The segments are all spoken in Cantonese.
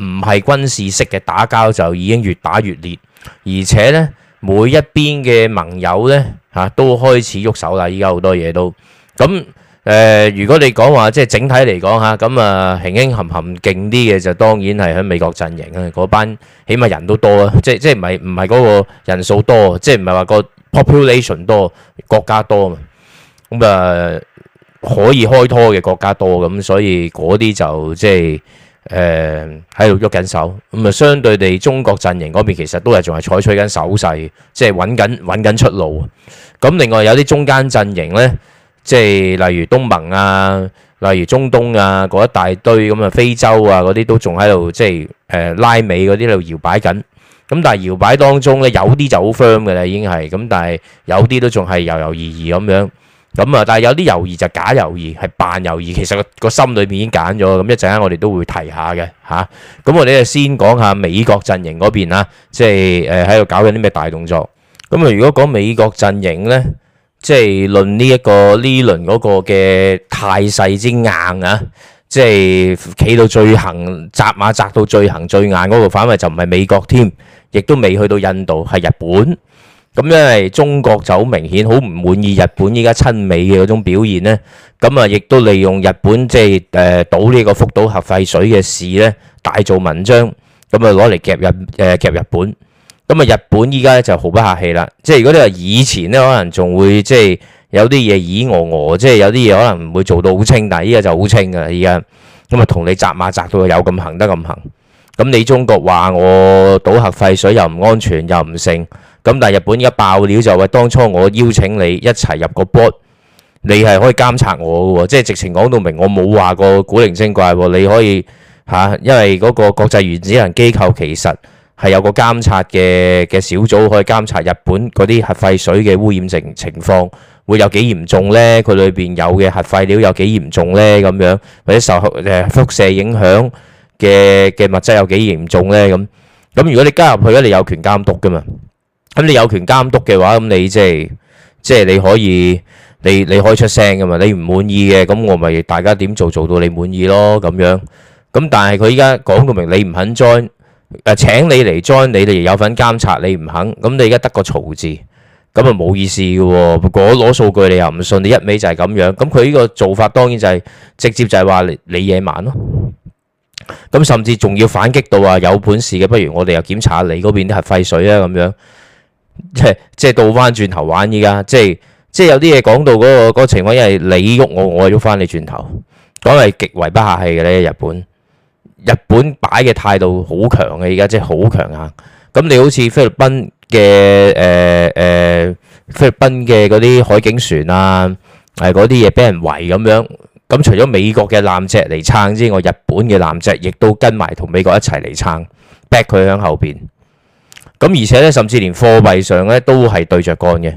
唔係軍事式嘅打交就已經越打越烈，而且呢每一邊嘅盟友呢吓都開始喐手啦，依家好多嘢都咁誒。如果你講話即係整體嚟講吓，咁啊輕輕含含勁啲嘅就當然係喺美國陣營啊，嗰班起碼人都多啊，即即唔係唔係嗰個人數多，即唔係話個 population 多國家多啊嘛，咁啊可以開拖嘅國家多，咁所以嗰啲就即係。誒喺度喐緊手，咁啊相對地中國陣營嗰邊其實都係仲係採取緊守勢，即係揾緊揾緊出路啊！咁另外有啲中間陣營咧，即係例如東盟啊、例如中東啊嗰一大堆，咁啊非洲啊嗰啲都仲喺度即係誒拉美嗰啲喺度搖擺緊。咁但係搖擺當中咧，有啲就好 firm 嘅咧，已經係咁，但係有啲都仲係猶猶豫豫咁樣。咁啊！但係有啲猶豫就假猶豫，係扮猶豫，其實個個心裏面已經揀咗。咁一陣間我哋都會提下嘅嚇。咁我哋就先講下美國陣營嗰邊啦，即係誒喺度搞緊啲咩大動作。咁啊，如果講美國陣營呢，即係論呢一個呢輪嗰個嘅態勢之硬啊，即係企到最行，紮馬紮到最行最硬嗰度反為就唔係美國添，亦都未去到印度，係日本。咁因為中國就好明顯，好唔滿意日本依家親美嘅嗰種表現咧，咁啊，亦都利用日本即係誒，倒呢個福島核廢水嘅事咧，大做文章，咁啊，攞嚟夾日誒夾日本。咁啊，日本依家咧就毫不客氣啦，即係如果你話以前咧，可能仲會即係有啲嘢耳耳即係有啲嘢可能唔會做到好清，但係依家就好清噶依家。咁啊，同你紮馬紮到有咁行得咁行，咁你中國話我倒核廢水又唔安全又唔淨。咁但係日本而家爆料就話、是，當初我邀請你一齊入個 board 你係可以監察我喎，即係直情講到明，我冇話過古靈精怪喎。你可以嚇、啊，因為嗰個國際原子能機構其實係有個監察嘅嘅小組，可以監察日本嗰啲核廢水嘅污染情情況會有幾嚴重呢？佢裏邊有嘅核廢料有幾嚴重呢？咁樣或者受誒、呃、輻射影響嘅嘅物質有幾嚴重呢？咁咁如果你加入去咧，你有權監督㗎嘛？咁你有權監督嘅話，咁你即係即係你可以，你你可以出聲噶嘛？你唔滿意嘅咁，我咪大家點做做到你滿意咯咁樣。咁但係佢依家講到明，你唔肯 join，誒、呃、請你嚟 join，你哋有份監察你，你唔肯咁，你而家得個嘈字咁啊，冇意思嘅喎。嗰、那、攞、個、數據你又唔信，你一味就係咁樣。咁佢呢個做法當然就係、是、直接就係話你野蠻咯。咁甚至仲要反擊到話有本事嘅，不如我哋又檢查你嗰邊啲核廢水啊咁樣。即即倒翻轉頭玩依家，即即有啲嘢講到嗰個嗰個情況，因為你喐我，我喐翻你轉頭，講係極為不客氣嘅咧。日本日本擺嘅態度好強嘅，依家即好強硬。咁你好似菲律賓嘅誒誒，菲律賓嘅嗰啲海警船啊，係嗰啲嘢俾人圍咁樣。咁除咗美國嘅艦隻嚟撐之外，日本嘅艦隻亦都跟埋同美國一齊嚟撐，back 佢響後邊。咁而且咧，甚至連貨幣上咧都係對着幹嘅。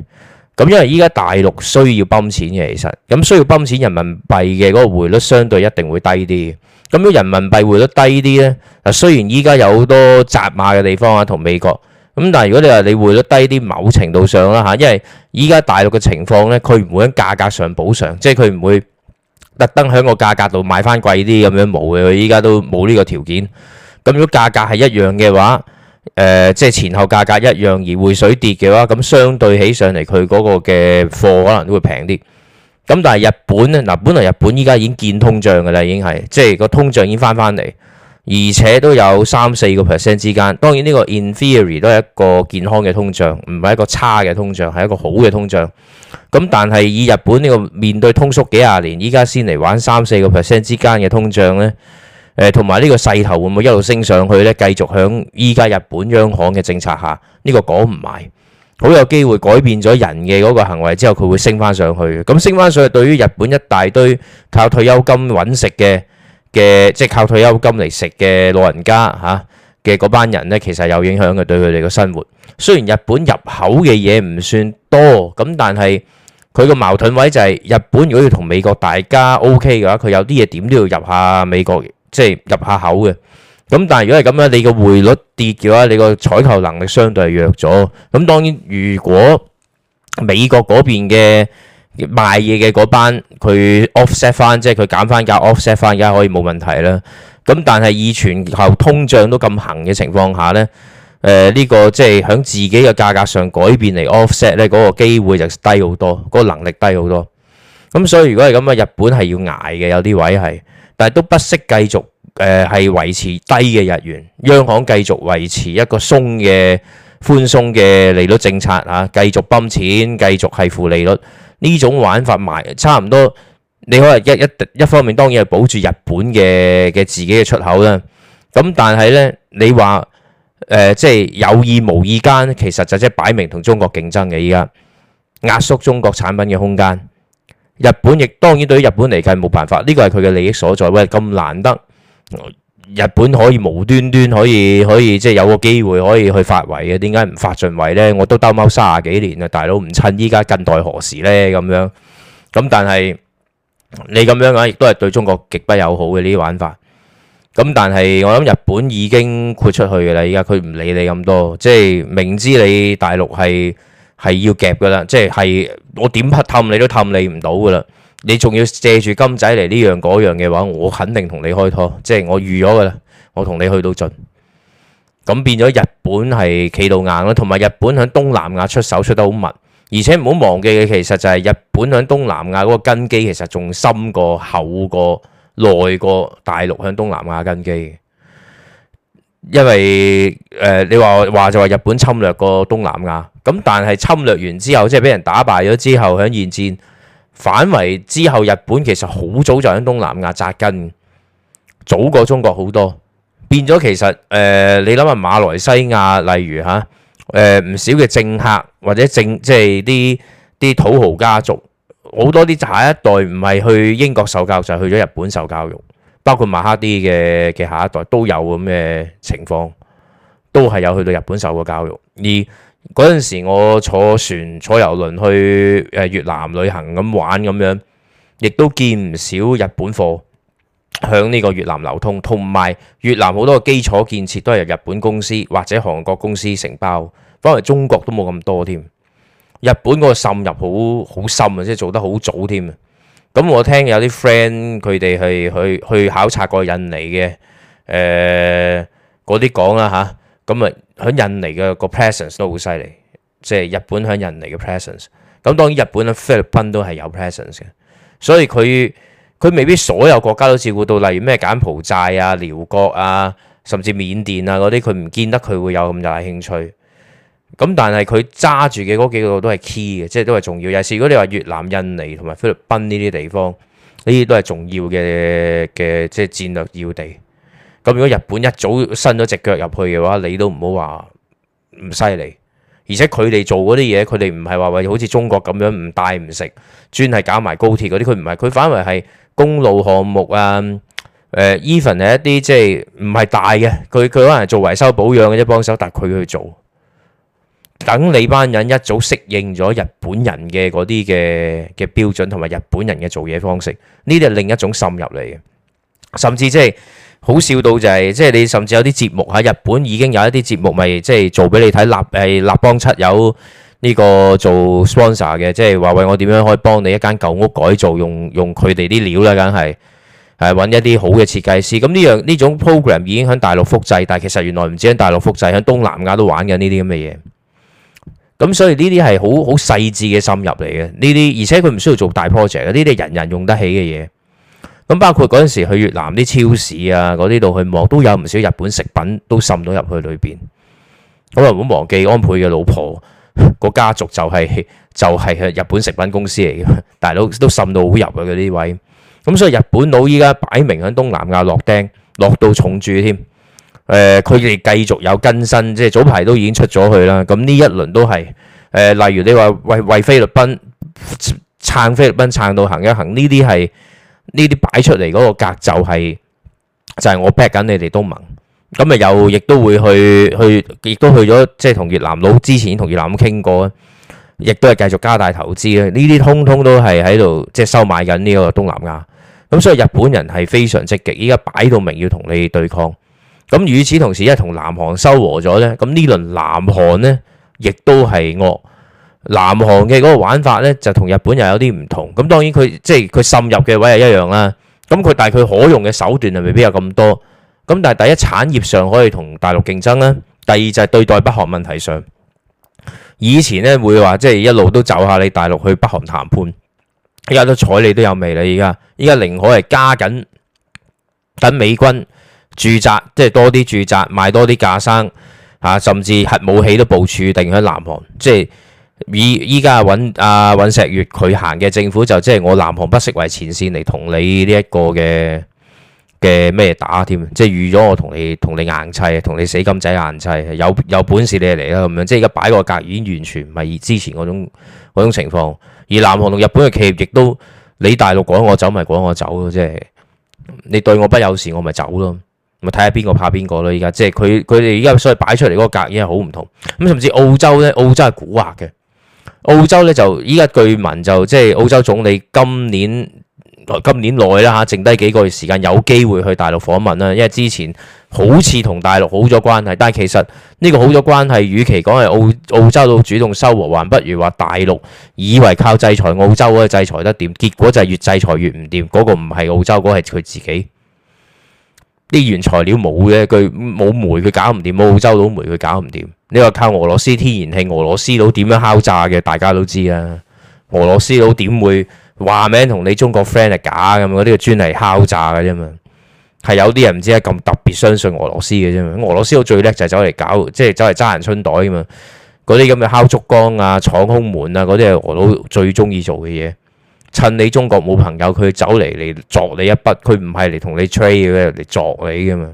咁因為依家大陸需要泵錢嘅，其實咁需要泵錢人民幣嘅嗰個匯率相對一定會低啲。咁如果人民幣匯率低啲咧，嗱雖然依家有好多扎馬嘅地方啊，同美國咁，但係如果你話你匯率低啲，某程度上啦吓，因為依家大陸嘅情況咧，佢唔會喺價格上補償，即係佢唔會特登喺個價格度買翻貴啲咁樣冇嘅。佢依家都冇呢個條件。咁如果價格係一樣嘅話，誒、呃，即係前後價格一樣而匯水跌嘅話，咁相對起上嚟，佢嗰個嘅貨可能都會平啲。咁但係日本呢，嗱，本來日本依家已經見通脹噶啦，已經係即係個通脹已經翻翻嚟，而且都有三四個 percent 之間。當然呢個 in theory 都係一個健康嘅通脹，唔係一個差嘅通脹，係一個好嘅通脹。咁但係以日本呢個面對通縮幾廿年，依家先嚟玩三四個 percent 之間嘅通脹呢。誒，同埋呢個勢頭會唔會一路升上去呢？繼續響依家日本央行嘅政策下，呢個講唔埋，好有機會改變咗人嘅嗰個行為之後，佢會升翻上去。咁升翻上去，升上去對於日本一大堆靠退休金揾食嘅嘅，即係靠退休金嚟食嘅老人家吓嘅嗰班人呢，其實有影響嘅，對佢哋嘅生活。雖然日本入口嘅嘢唔算多，咁但係佢個矛盾位就係日本如果要同美國大家 OK 嘅話，佢有啲嘢點都要入下美國即係入下口嘅，咁但係如果係咁樣，你個匯率跌嘅話，你個採購能力相對係弱咗。咁當然，如果美國嗰邊嘅賣嘢嘅嗰班佢 offset 翻，即係佢減翻價 offset 翻，梗係可以冇問題啦。咁但係以全球通脹都咁行嘅情況下咧，誒、呃、呢、這個即係喺自己嘅價格上改變嚟 offset 咧，嗰、這個機會就低好多，嗰、這個能力低好多。咁所以如果係咁啊，日本係要捱嘅，有啲位係。但係都不惜繼續誒係、呃、維持低嘅日元，央行繼續維持一個鬆嘅寬鬆嘅利率政策啊，繼續泵錢，繼續係負利率呢種玩法埋差唔多。你可能一一一方面當然係保住日本嘅嘅自己嘅出口啦，咁、啊、但係呢，你話誒即係有意無意間，其實就即係擺明同中國競爭嘅依家，壓縮中國產品嘅空間。日本亦當然對於日本嚟講冇辦法，呢個係佢嘅利益所在。喂，咁難得日本可以無端端可以可以即係，就是，有個機會可以去發圍嘅，點解唔發盡圍呢？我都兜踎三十幾年啊，大佬唔趁依家，更待何時呢？咁樣咁，但係你咁樣講亦都係對中國極不友好嘅呢啲玩法。咁但係我諗日本已經豁出去㗎啦，依家佢唔理你咁多，即係明知你大陸係。係要夾噶啦，即係係我點氹你都氹你唔到噶啦。你仲要借住金仔嚟呢樣嗰樣嘅話，我肯定同你開拖，即係我預咗噶啦，我同你去到盡。咁變咗日本係企到硬啦，同埋日本喺東南亞出手出得好密，而且唔好忘記嘅其實就係日本喺東南亞嗰個根基其實仲深過厚過耐過大陸喺東南亞根基。因為誒，你話話就話日本侵略過東南亞，咁但係侵略完之後，即係俾人打敗咗之後，響二戰反為之後，日本其實好早就響東南亞紮根，早過中國好多，變咗其實誒，你諗下馬來西亞，例如吓，誒唔少嘅政客或者政即係啲啲土豪家族，好多啲下一代唔係去英國受教，就去咗日本受教育。包括馬哈地嘅嘅下一代都有咁嘅情況，都係有去到日本受過教育。而嗰陣時我坐船坐遊輪去誒越南旅行，咁玩咁樣，亦都見唔少日本貨響呢個越南流通，同埋越南好多基礎建設都係由日本公司或者韓國公司承包，反而中國都冇咁多添。日本個滲入好好深啊，即係做得好早添。咁我聽有啲 friend 佢哋係去去去考察過印尼嘅，誒嗰啲講啦吓，咁啊喺印尼嘅個 presence 都好犀利，即係日本喺印尼嘅 presence。咁當然日本喺菲律賓都係有 presence 嘅，所以佢佢未必所有國家都照顧到，例如咩柬埔寨啊、寮國啊，甚至緬甸啊嗰啲，佢唔見得佢會有咁大興趣。咁但係佢揸住嘅嗰幾個都係 key 嘅，即係都係重要。尤其是如果你話越南、印尼同埋菲律賓呢啲地方，呢啲都係重要嘅嘅，即係戰略要地。咁如果日本一早伸咗隻腳入去嘅話，你都唔好話唔犀利。而且佢哋做嗰啲嘢，佢哋唔係話為好似中國咁樣唔大唔食，專係搞埋高鐵嗰啲，佢唔係，佢反為係公路項目啊，誒 even 係一啲即係唔係大嘅，佢佢可能係做維修保養嘅啫，幫手，但佢去做。等你班人一早適應咗日本人嘅嗰啲嘅嘅標準同埋日本人嘅做嘢方式，呢啲係另一種滲入嚟嘅。甚至即係好笑到就係，即係你甚至有啲節目喺日本已經有一啲節目咪即係做俾你睇，立係立邦漆有呢個做 sponsor 嘅，即係話喂，我點樣可以幫你一間舊屋改造，用用佢哋啲料啦，梗係係揾一啲好嘅設計師。咁呢樣呢種 program 已經喺大陸複製，但係其實原來唔止喺大陸複製，喺東南亞都玩緊呢啲咁嘅嘢。咁所以呢啲係好好細緻嘅滲入嚟嘅，呢啲而且佢唔需要做大 project，呢啲人人用得起嘅嘢。咁包括嗰陣時去越南啲超市啊，嗰啲度去望都有唔少日本食品都滲到入去裏邊。我唔好忘記安倍嘅老婆、個家族就係、係、就係、係、日本食品公司嚟嘅，大佬都，都滲到好入去嘅呢位。咁所以日本佬依家擺明喺東南亞落釘，落到重注添。誒，佢哋，呃、繼續有更新，即係早排都已經出咗去啦。咁呢一輪都係誒、呃，例如你話為為菲律賓撐菲律賓撐到行一行呢啲係呢啲擺出嚟嗰個格就係、是、就係、是、我 back 緊你哋東盟咁啊，又亦都會去去亦都去咗，即係同越南佬之前同越南咁傾過啊，亦都係繼續加大投資啦。呢啲通通都係喺度即係收買緊呢個東南亞咁，所以日本人係非常積極，依家擺到明要同你對抗。咁與此同時，一同南韓收和咗咧，咁呢輪南韓咧，亦都係惡南韓嘅嗰個玩法咧，就同日本又有啲唔同。咁當然佢即係佢滲入嘅位係一樣啦。咁佢大概可用嘅手段就未必有咁多。咁但係第一產業上可以同大陸競爭啦。第二就係對待北韓問題上，以前咧會話即係一路都走下你大陸去北韓談判，依家都睬你都有味啦。依家依家寧可係加緊等美軍。住宅即係多啲住宅，賣多啲架生嚇，甚至核武器都部署定喺南韓。即係依依家揾阿尹錫悅佢行嘅政府，就即係我南韓不惜為前線嚟同你呢一個嘅嘅咩打添，即係預咗我同你同你硬砌，同你死金仔硬砌，有有本事你嚟啦咁樣。即係而家擺個格已經完全唔係之前嗰種嗰種情況。而南韓同日本嘅企業亦都你大陸趕我走咪趕我走咯，即係你對我不友善我咪走咯。咪睇下邊個怕邊個咯！依家即係佢佢哋依家所以擺出嚟嗰個格已經係好唔同咁。甚至澳洲呢，澳洲係蠱惑嘅。澳洲呢，就依家據聞就即係澳洲總理今年來今年內啦嚇，剩低幾個月時間有機會去大陸訪問啦。因為之前好似同大陸好咗關係，但係其實呢個好咗關係，與其講係澳澳洲都主動收穫，還不如話大陸以為靠制裁澳洲啊，制裁得掂，結果就係越制裁越唔掂。嗰、嗰個唔係澳洲，嗰係佢自己。啲原材料冇嘅，佢冇煤佢搞唔掂，澳洲佬煤佢搞唔掂。你話靠俄羅斯天然氣，俄羅斯佬點樣敲詐嘅？大家都知啦，俄羅斯佬點會話名同你中國 friend 係假咁？嗰啲專係敲詐嘅啫嘛，係有啲人唔知係咁特別相信俄羅斯嘅啫嘛。俄羅斯佬最叻就係走嚟搞，即係走嚟揸人春袋啊嘛。嗰啲咁嘅敲竹槓啊、闖空門啊，嗰啲係俄佬最中意做嘅嘢。趁你中國冇朋友，佢走嚟嚟作你一筆，佢唔係嚟同你 trade 嘅，嚟作你噶嘛？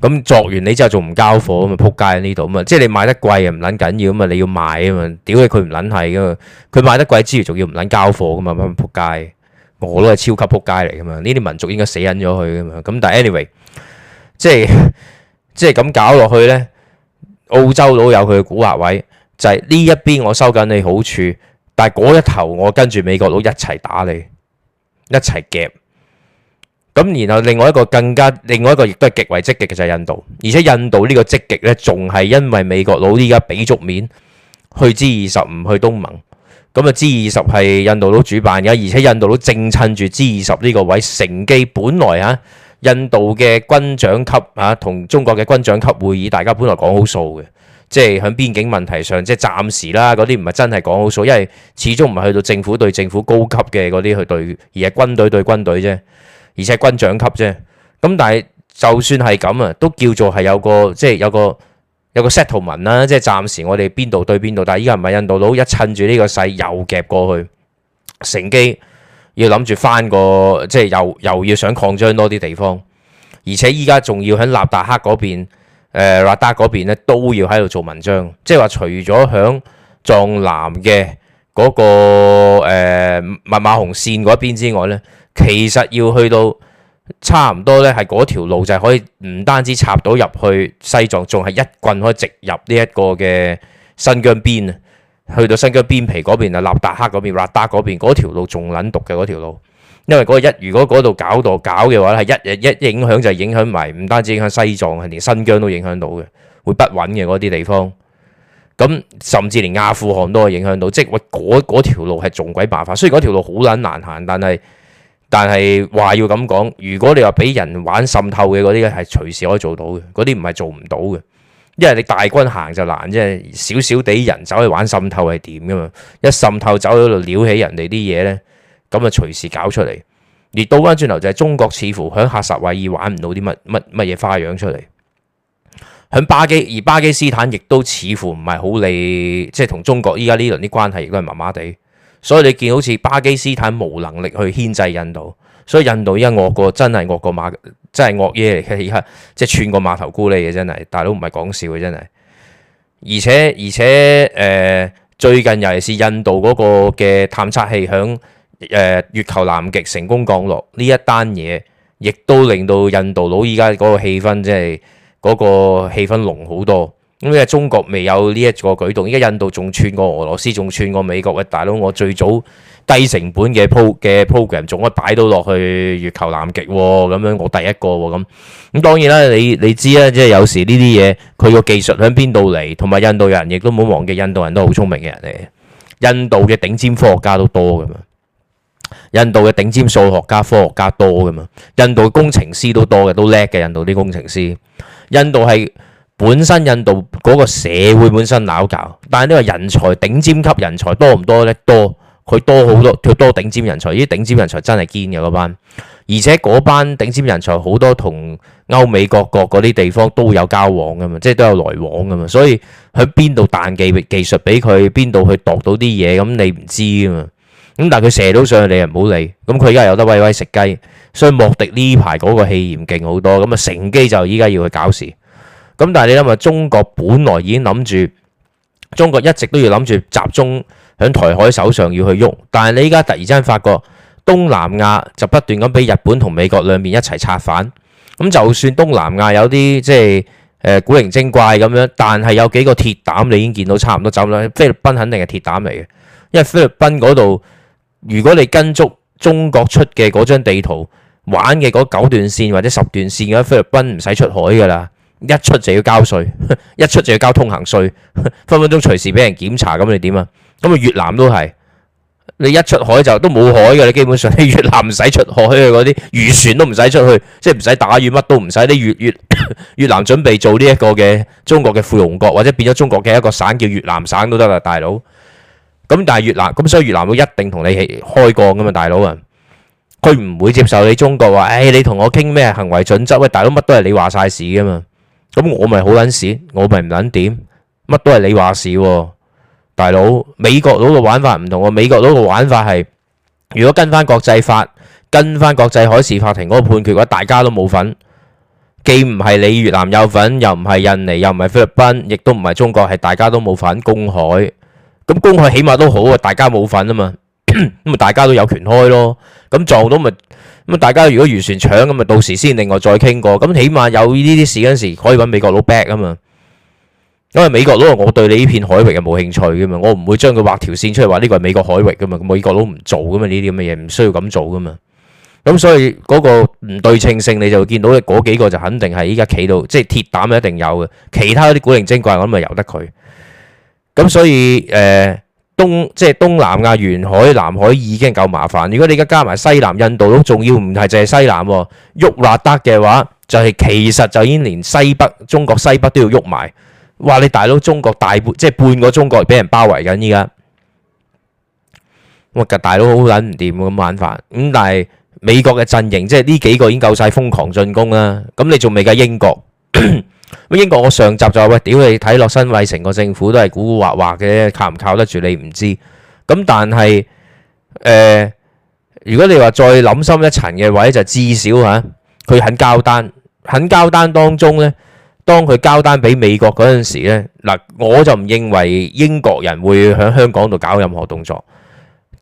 咁作完你之後仲唔交貨啊嘛？扑街喺呢度啊嘛？即係你賣得貴啊，唔捻緊要啊嘛？你要賣啊嘛？屌你，佢唔捻係噶嘛？佢賣得貴之餘仲要唔捻交貨噶嘛？乜扑街？我都係超級扑街嚟噶嘛？呢啲民族應該死忍咗佢噶嘛？咁但係 anyway，即係即係咁搞落去咧，澳洲佬有佢嘅古惑位就係呢一邊我收緊你好處。但係嗰一頭，我跟住美國佬一齊打你，一齊夾。咁然後另外一個更加，另外一個亦都係極為積極嘅就係印度，而且印度呢個積極呢，仲係因為美國佬依家俾足面去 G 二十，唔去東盟。咁啊，G 二十係印度佬主辦嘅，而且印度佬正趁住 G 二十呢個位乘機，本來嚇、啊、印度嘅軍長級嚇、啊、同中國嘅軍長級會議，大家本來講好數嘅。即係喺邊境問題上，即係暫時啦，嗰啲唔係真係講好數，因為始終唔係去到政府對政府高級嘅嗰啲去對，而係軍隊對軍隊啫，而且軍長級啫。咁但係就算係咁啊，都叫做係有個即係有個有個 settlement 啦，即係暫時我哋邊度對邊度。但係依家唔係印度佬一趁住呢個勢又夾過去，乘機要諗住翻個即係又又要想擴張多啲地方，而且依家仲要喺納達克嗰邊。誒拉、呃、達嗰邊咧都要喺度做文章，即係話除咗響藏南嘅嗰、那個誒麥馬洪線嗰邊之外咧，其實要去到差唔多咧，係嗰條路就係可以唔單止插到入去西藏，仲係一棍可以直入呢一個嘅新疆邊啊，去到新疆邊皮嗰邊啊，拉達克嗰邊，拉達嗰邊嗰條路仲撚毒嘅嗰條路。因為嗰個一，如果嗰度搞到搞嘅話，係一日一影響就係影響埋，唔單止影響西藏，係連新疆都影響到嘅，會不穩嘅嗰啲地方。咁甚至連阿富汗都係影響到，即係嗰嗰條路係仲鬼麻煩。雖然嗰條路好撚難行，但係但係話要咁講，如果你話俾人玩滲透嘅嗰啲咧，係隨時可以做到嘅，嗰啲唔係做唔到嘅。因為你大軍行就難，即係少少啲人走去玩滲透係點噶嘛？一滲透走去度撩起人哋啲嘢，咧。咁啊，隨時搞出嚟。而倒翻轉頭就係中國，似乎喺喀什維爾玩唔到啲乜乜乜嘢花樣出嚟。響巴基而巴基斯坦亦都似乎唔係好理，即係同中國依家呢輪啲關係亦都係麻麻地。所以你見好似巴基斯坦無能力去牽制印度，所以印度依家惡過真係惡過馬真係惡嘢嚟嘅。而家即係串過馬頭菇嚟嘅，真係大佬唔係講笑嘅，真係而且而且誒、呃，最近尤其是印度嗰個嘅探測器響。誒月球南極成功降落呢一單嘢，亦都令到印度佬依家嗰個氣氛真係嗰個氣氛濃好多。咁因為中國未有呢一個舉動，依家印度仲串過俄羅斯，仲串過美國嘅、哎、大佬。我最早低成本嘅 po 嘅 program 仲可以擺到落去月球南極喎，咁、哦、樣、嗯、我第一個喎咁。咁、嗯嗯、當然啦，你你知啦，即係有時呢啲嘢佢個技術喺邊度嚟？同埋印度人亦都冇忘記印，印度人都好聰明嘅人嚟，印度嘅頂尖科學家都多噶嘛。印度嘅頂尖數學家、科學家多噶嘛。印度工程師都多嘅，都叻嘅。印度啲工程師，印度係本身印度嗰個社會本身鬧交，但係呢個人才頂尖級人才多唔多咧？多，佢多好多，佢多頂尖人才。呢啲頂尖人才真係堅嘅嗰班，而且嗰班頂尖人才好多同歐美各國嗰啲地方都有交往噶嘛，即係都有來往噶嘛。所以喺邊度彈技技術俾佢，邊度去度到啲嘢咁，你唔知噶嘛。咁但係佢射到上去，你又唔好理。咁佢而家有得威威食雞，所以莫迪呢排嗰個氣焰勁好多。咁啊，乘機就而家要去搞事。咁但係你諗下，中國本來已經諗住，中國一直都要諗住集中喺台海手上要去喐，但係你而家突然之間發覺東南亞就不斷咁俾日本同美國兩邊一齊拆反。咁就算東南亞有啲即係誒、呃、古靈精怪咁樣，但係有幾個鐵膽你已經見到差唔多走甩。菲律賓肯定係鐵膽嚟嘅，因為菲律賓嗰度。如果你跟足中國出嘅嗰張地圖玩嘅嗰九段線或者十段線嘅，菲律賓唔使出海㗎啦，一出就要交稅，一出就要交通行稅，分分鐘隨時俾人檢查，咁你點啊？咁啊，越南都係，你一出海就都冇海㗎，你基本上你越南唔使出海去嗰啲漁船都唔使出去，即係唔使打魚乜都唔使。你越越 越南準備做呢一個嘅中國嘅附庸國，或者變咗中國嘅一個省叫越南省都得喇，大佬。咁但係越南，咁所以越南會一定同你開過㗎嘛，大佬啊，佢唔會接受你中國話，誒你同我傾咩行為準則？喂，大佬乜都係你話晒事㗎嘛，咁我咪好撚事，我咪唔撚點，乜都係你話事喎，大佬。美國佬嘅玩法唔同啊，美國佬嘅玩法係如果跟翻國際法、跟翻國際海事法庭嗰個判決嘅話，大家都冇份，既唔係你越南有份，又唔係印尼，又唔係菲律賓，亦都唔係中國，係大家都冇份公海。咁公開起碼都好啊，大家冇份啊嘛，咁啊大家都有權開咯。咁撞到咪咁啊？大家如果漁船搶咁啊，到時先另外再傾過。咁起碼有呢啲事嗰陣時可以搵美國佬 back 啊嘛。因為美國佬我對你呢片海域係冇興趣噶嘛，我唔會將佢畫條線出嚟話呢個係美國海域噶嘛。咁美國佬唔做噶嘛，呢啲咁嘅嘢唔需要咁做噶嘛。咁所以嗰個唔對稱性你就見到咧，嗰幾個就肯定係依家企到即係鐵膽一定有嘅。其他啲古靈精怪，我諗咪由得佢。咁所以誒、呃、東即係東南亞沿海南海已經夠麻煩，如果你而家加埋西南印度都，仲要唔係淨係西南喎，鬱納得嘅話，就係、是、其實就已經連西北中國西北都要鬱埋，哇！你大佬中國大半，即係半個中國俾人包圍緊依家，哇！大佬好撚唔掂咁玩法，咁但係美國嘅陣營即係呢幾個已經夠晒瘋狂進攻啦，咁你仲未加英國？ 咁英國我上集就話喂，屌你睇落新衛城個政府都係古古惑惑嘅，靠唔靠得住你唔知。咁但係誒，如果你話再諗深一層嘅話，就至少吓佢肯交單，肯交單當中咧，當佢交單俾美國嗰陣時咧，嗱我就唔認為英國人會響香港度搞任何動作，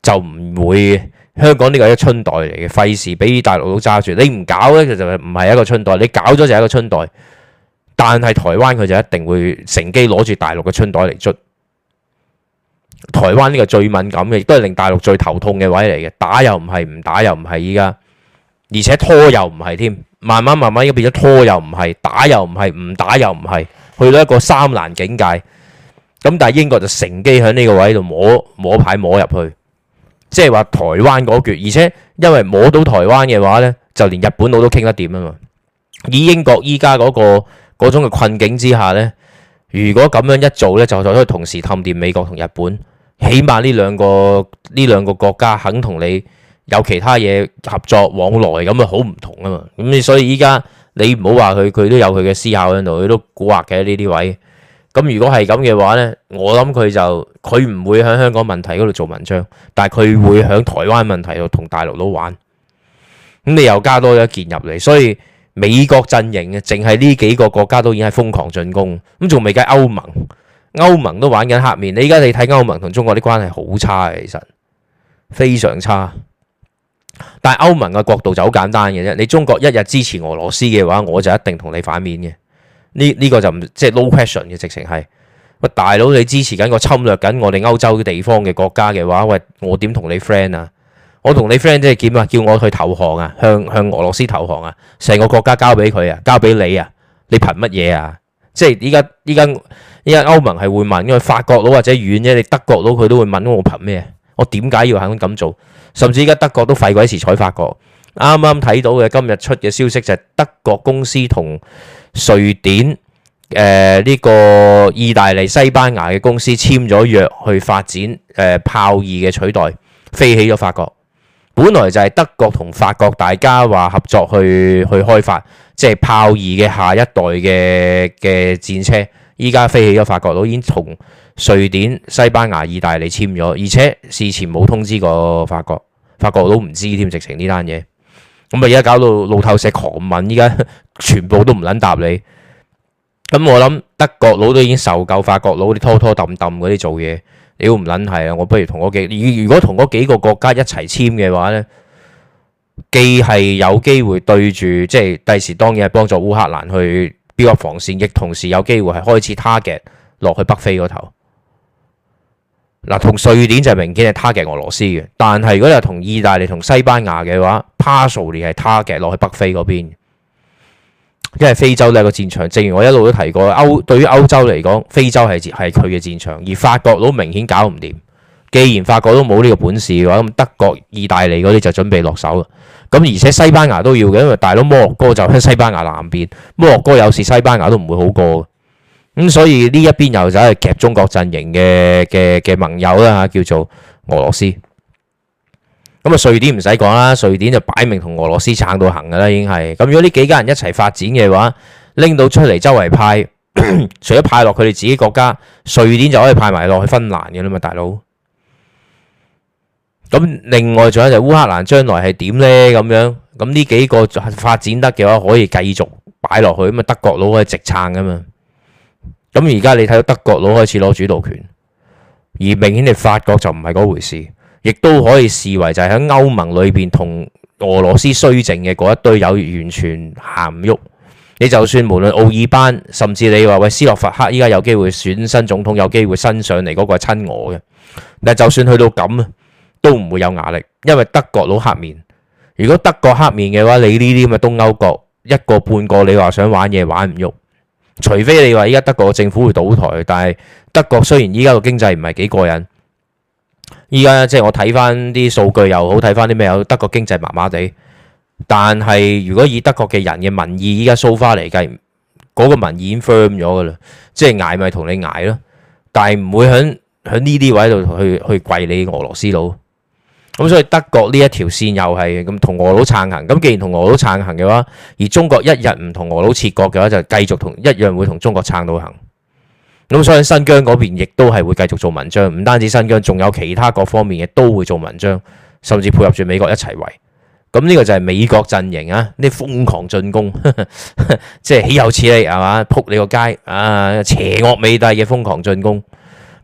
就唔會。香港呢個一個春袋嚟嘅，費事俾大陸佬揸住。你唔搞咧，其實唔係一個春袋，你搞咗就係一個春袋。但係台灣佢就一定會乘機攞住大陸嘅春袋嚟捽。台灣呢個最敏感嘅，亦都係令大陸最頭痛嘅位嚟嘅。打又唔係，唔打又唔係，依家而且拖又唔係添，慢慢慢慢而變咗拖又唔係，打又唔係，唔打又唔係，去到一個三難境界。咁但係英國就乘機喺呢個位度摸摸牌摸入去，即係話台灣嗰橛。而且因為摸到台灣嘅話呢，就連日本佬都傾得掂啊嘛。以英國依家嗰個，嗰種嘅困境之下呢，如果咁樣一做呢，就就可以同時氹掂美國同日本。起碼呢兩個呢兩個國家肯同你有其他嘢合作往來，咁啊好唔同啊嘛。咁你所以依家你唔好話佢，佢都有佢嘅思考喺度，佢都蠱惑嘅呢啲位。咁如果係咁嘅話呢，我諗佢就佢唔會喺香港問題嗰度做文章，但係佢會喺台灣問題度同大陸都玩。咁你又加多一件入嚟，所以。美國陣營嘅，淨係呢幾個國家都已經係瘋狂進攻，咁仲未計歐盟，歐盟都玩緊黑面。你而家你睇歐盟同中國啲關係好差嘅，其實非常差。但係歐盟嘅角度就好簡單嘅啫，你中國一日支持俄羅斯嘅話，我就一定同你反面嘅。呢呢個就唔即係 no question 嘅，直情係喂，大佬，你支持緊個侵略緊我哋歐洲嘅地方嘅國家嘅話，喂，我點同你 friend 啊？我同你 friend 即係點啊？叫我去投降啊，向向俄羅斯投降啊，成個國家交俾佢啊，交俾你啊，你憑乜嘢啊？即係依家依家依家歐盟係會問，因為法國佬或者遠啫，你德國佬佢都會問我憑咩？我點解要肯咁做？甚至依家德國都廢鬼事，採法國。啱啱睇到嘅今日出嘅消息就係德國公司同瑞典、誒、呃、呢、個意大利、西班牙嘅公司簽咗約去發展誒豹二嘅取代，飛起咗法國。本來就係德國同法國大家話合作去去開發，即係豹二嘅下一代嘅嘅戰車，依家飛起咗。法國佬已經同瑞典、西班牙、意大利簽咗，而且事前冇通知過法國，法國佬唔知添，直情呢單嘢。咁啊，而家搞到路透社狂問，依家全部都唔撚答你。咁、嗯、我諗德國佬都已經受夠法國佬啲拖拖揼揼嗰啲做嘢。你唔撚係啊！我不如同嗰幾，如果同嗰幾個國家一齊簽嘅話呢既係有機會對住，即係第時當然係幫助烏克蘭去 build up 防線，亦同時有機會係開始 target 落去北非嗰頭。嗱，同瑞典就明顯係 target 俄羅斯嘅，但係如果係同意大利同西班牙嘅話，巴蘇尼係 target 落去北非嗰邊。因為非洲呢個戰場，正如我一路都提過，歐對於歐洲嚟講，非洲係係佢嘅戰場，而法國都明顯搞唔掂。既然法國都冇呢個本事嘅話，咁德國、意大利嗰啲就準備落手啦。咁而且西班牙都要嘅，因為大佬摩洛哥就喺西班牙南邊，摩洛哥有時，西班牙都唔會好過。咁所以呢一邊又就係夾中國陣營嘅嘅嘅盟友啦，叫做俄羅斯。咁啊，瑞典唔使講啦，瑞典就擺明同俄羅斯撐到行噶啦，已經係。咁如果呢幾家人一齊發展嘅話，拎到出嚟周圍派， 除咗派落佢哋自己國家，瑞典就可以派埋落去芬蘭噶啦嘛，大佬。咁另外仲有就烏克蘭將來係點呢？咁樣咁呢幾個發展得嘅話，可以繼續擺落去。咁啊，德國佬可以直撐噶嘛。咁而家你睇到德國佬開始攞主導權，而明顯你發覺就唔係嗰回事。亦都可以視為就係喺歐盟裏邊同俄羅斯衰剩嘅嗰一堆友完全行唔喐。你就算無論奧爾班，甚至你話喂，斯洛伐克依家有機會選新總統，有機會新上嚟嗰個係親俄嘅。但就算去到咁啊，都唔會有壓力，因為德國佬黑面。如果德國黑面嘅話，你呢啲咁嘅東歐國一個半個，你話想玩嘢玩唔喐，除非你話依家德國政府會倒台。但係德國雖然依家個經濟唔係幾過癮。依家即係我睇翻啲數據又好，睇翻啲咩有德國經濟麻麻地，但係如果以德國嘅人嘅民意依家 so far 嚟計，嗰個民意已經 firm 咗噶啦，即係挨咪同你挨咯，但係唔會響響呢啲位度去去跪你俄羅斯佬，咁所以德國呢一條線又係咁同俄佬撐行，咁既然同俄佬撐行嘅話，而中國一日唔同俄佬切割嘅話，就繼續同一樣會同中國撐到行。咁所以新疆嗰邊亦都係會繼續做文章，唔單止新疆，仲有其他各方面嘅都會做文章，甚至配合住美國一齊圍。咁呢個就係美國陣營啊，啲瘋狂進攻， 即係豈有此理係嘛？扑你個街啊，邪惡美帝嘅瘋狂進攻。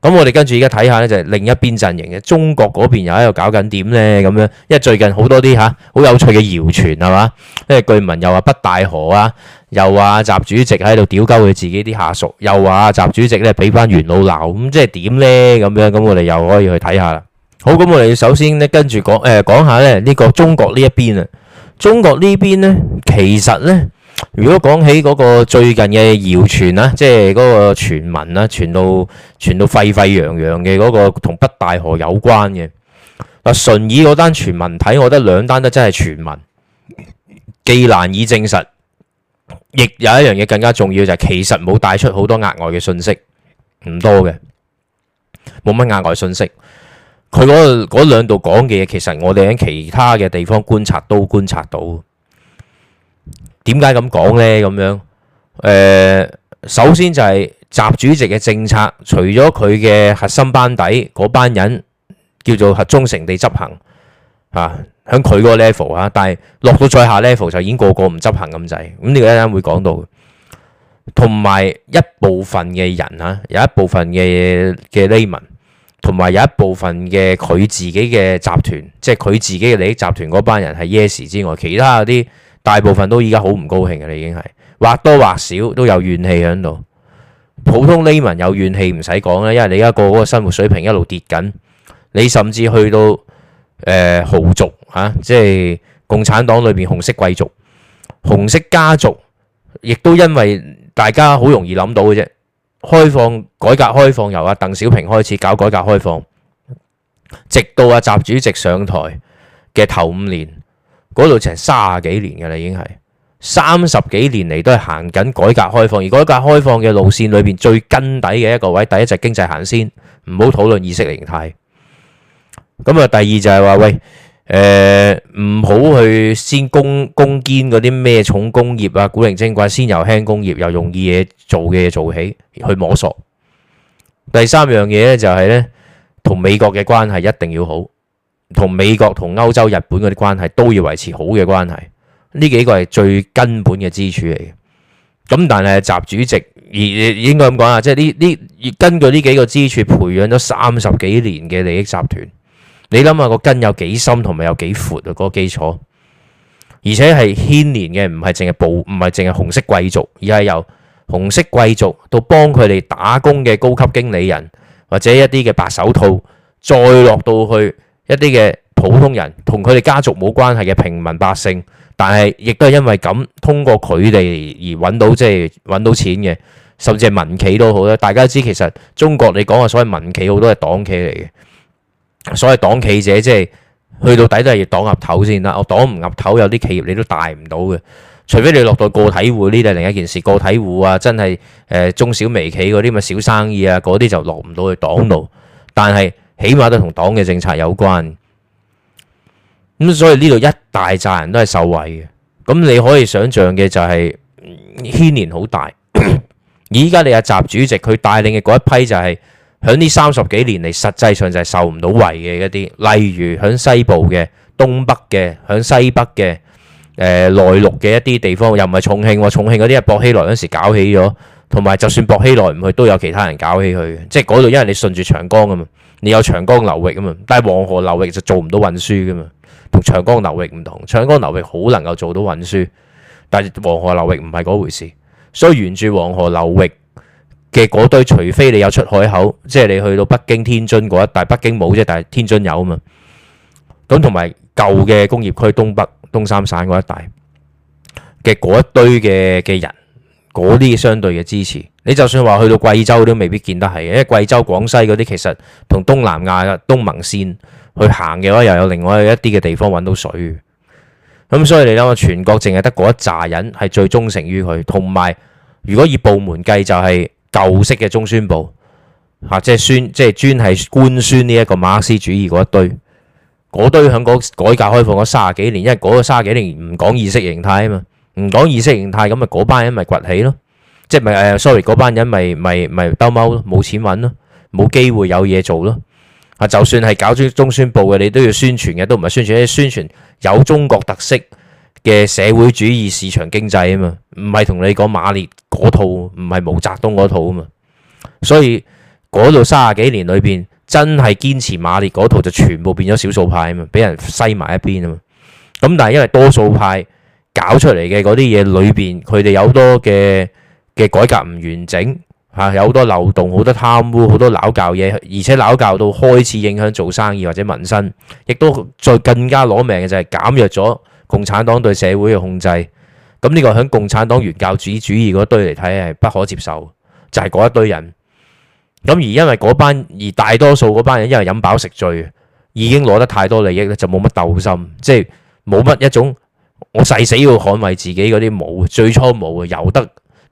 咁我哋跟住而家睇下咧，就係另一邊陣營嘅中國嗰邊又喺度搞緊點咧？咁樣，因為最近好多啲嚇好有趣嘅謠傳係嘛，即係據聞又話北戴河啊，又話習主席喺度屌鳩佢自己啲下屬，又話習主席咧俾翻元老鬧，咁即係點咧？咁樣，咁我哋又可以去睇下啦。好，咁我哋首先咧跟住講誒講下咧呢個中國呢一邊啊，中國邊呢邊咧其實咧。如果講起嗰個最近嘅謠傳啦，即係嗰個傳聞啦，傳到傳到沸沸揚揚嘅嗰個同北戴河有關嘅，純以嗰單傳聞睇，我覺得兩單都真係傳聞，既難以證實，亦有一樣嘢更加重要就係其實冇帶出好多額外嘅信息，唔多嘅，冇乜額外信息，佢嗰嗰兩度講嘅嘢，其實我哋喺其他嘅地方觀察都觀察到。點解咁講呢？咁樣，誒，首先就係習主席嘅政策，除咗佢嘅核心班底嗰班人叫做忠誠地執行啊，喺佢嗰個 level 啊，但係落到再下 level 就已經個個唔執行咁滯，咁、啊、呢、嗯這個一陣會講到。同埋一部分嘅人啊，有一部分嘅嘅 layman，同埋有一部分嘅佢自己嘅集團，即係佢自己嘅利益集團嗰班人係 yes 之外，其他嗰啲。大部分都依家好唔高興嘅，你已經係或多或少都有怨氣喺度。普通黎民有怨氣唔使講啦，因為你而家過嗰個生活水平一路跌緊。你甚至去到誒、呃、豪族嚇、啊，即係共產黨裏邊紅色貴族、紅色家族，亦都因為大家好容易諗到嘅啫。開放改革開放由啊鄧小平開始搞改革開放，直到阿習主席上台嘅頭五年。嗰度成三十幾年㗎喇，已經係三十幾年嚟都係行緊改革開放。而改革開放嘅路線裏邊最根底嘅一個位，第一隻經濟行先，唔好討論意識形態。咁啊，第二就係話喂，誒唔好去先攻攻堅嗰啲咩重工業啊，古靈精怪，先由輕工業又容易嘢做嘅嘢做起去摸索。第三樣嘢咧就係咧，同美國嘅關係一定要好。同美國、同歐洲、日本嗰啲關係都要維持好嘅關係，呢幾個係最根本嘅支柱嚟嘅。咁但係習主席而應該咁講啊，即係呢呢根據呢幾個支柱培養咗三十幾年嘅利益集團，你諗下個根有幾深，同埋有幾闊啊？嗰個基礎而且係牽連嘅，唔係淨係部，唔係淨係紅色貴族，而係由紅色貴族到幫佢哋打工嘅高級經理人或者一啲嘅白手套，再落到去。一啲嘅普通人同佢哋家族冇關係嘅平民百姓，但係亦都係因為咁，通過佢哋而揾到即係揾到錢嘅，甚至係民企都好啦。大家知其實中國你講嘅，所謂民企好多係黨企嚟嘅，所謂黨企者，即係去到底都係要黨岌頭先啦。我黨唔岌頭，有啲企業你都大唔到嘅，除非你落到個體戶呢，就另一件事。個體戶啊，真係誒中小微企嗰啲咪小生意啊，嗰啲就落唔到去黨度，但係，起碼都同黨嘅政策有關，咁所以呢度一大扎人都係受惠嘅。咁你可以想象嘅就係牽連好大。而 家你阿習主席佢帶領嘅嗰一批就係喺呢三十幾年嚟，實際上就係受唔到惠嘅一啲，例如喺西部嘅、東北嘅、喺西北嘅、誒、呃、內陸嘅一啲地方，又唔係重慶喎。重慶嗰啲係薄熙來嗰時搞起咗，同埋就算薄熙來唔去都有其他人搞起佢嘅，即係嗰度因為你順住長江啊嘛。你有長江流域啊嘛，但係黃河流域就做唔到運輸噶嘛，同長江流域唔同。長江流域好能夠做到運輸，但係黃河流域唔係嗰回事。所以沿住黃河流域嘅嗰堆，除非你有出海口，即係你去到北京、天津嗰一帶，北京冇啫，但係天津有啊嘛。咁同埋舊嘅工業區東北、東三省嗰一帶嘅嗰一堆嘅嘅人，嗰啲相對嘅支持。你就算話去到貴州都未必見得係，因為貴州、廣西嗰啲其實同東南亞嘅東盟線去行嘅話，又有另外一啲嘅地方揾到水。咁、嗯、所以你諗下，全國淨係得嗰一揸人係最忠誠於佢。同埋，如果以部門計就係舊式嘅中宣部，嚇、啊、即係宣即係專係官宣呢一個馬克思主義嗰一堆。嗰堆喺嗰改革開放咗卅幾年，因為嗰卅幾年唔講意識形態啊嘛，唔講意識形態咁咪嗰班人咪崛起咯。即係 s o r r y 嗰班人咪咪兜踎咯，冇、就是就是就是、錢揾咯，冇機會有嘢做咯。啊，就算係搞中宣部嘅，你都要宣傳嘅，都唔係宣傳，宣傳有中國特色嘅社會主義市場經濟啊嘛，唔係同你講馬列嗰套，唔係毛澤東嗰套啊嘛。所以嗰度三十幾年裏邊真係堅持馬列嗰套，就全部變咗少數派啊嘛，俾人篩埋一邊啊嘛。咁但係因為多數派搞出嚟嘅嗰啲嘢裏邊，佢哋有多嘅。嘅改革唔完整，嚇有好多漏洞，好多貪污，好多攪教嘢，而且攪教到開始影響做生意或者民生，亦都再更加攞命嘅就係減弱咗共產黨對社會嘅控制。咁呢個喺共產黨原教旨主義嗰堆嚟睇係不可接受，就係嗰一堆人。咁而因為嗰班而大多數嗰班人因為飲飽食醉，已經攞得太多利益咧，就冇乜鬥心，即係冇乜一種我誓死要捍衞自己嗰啲冇最初冇由得。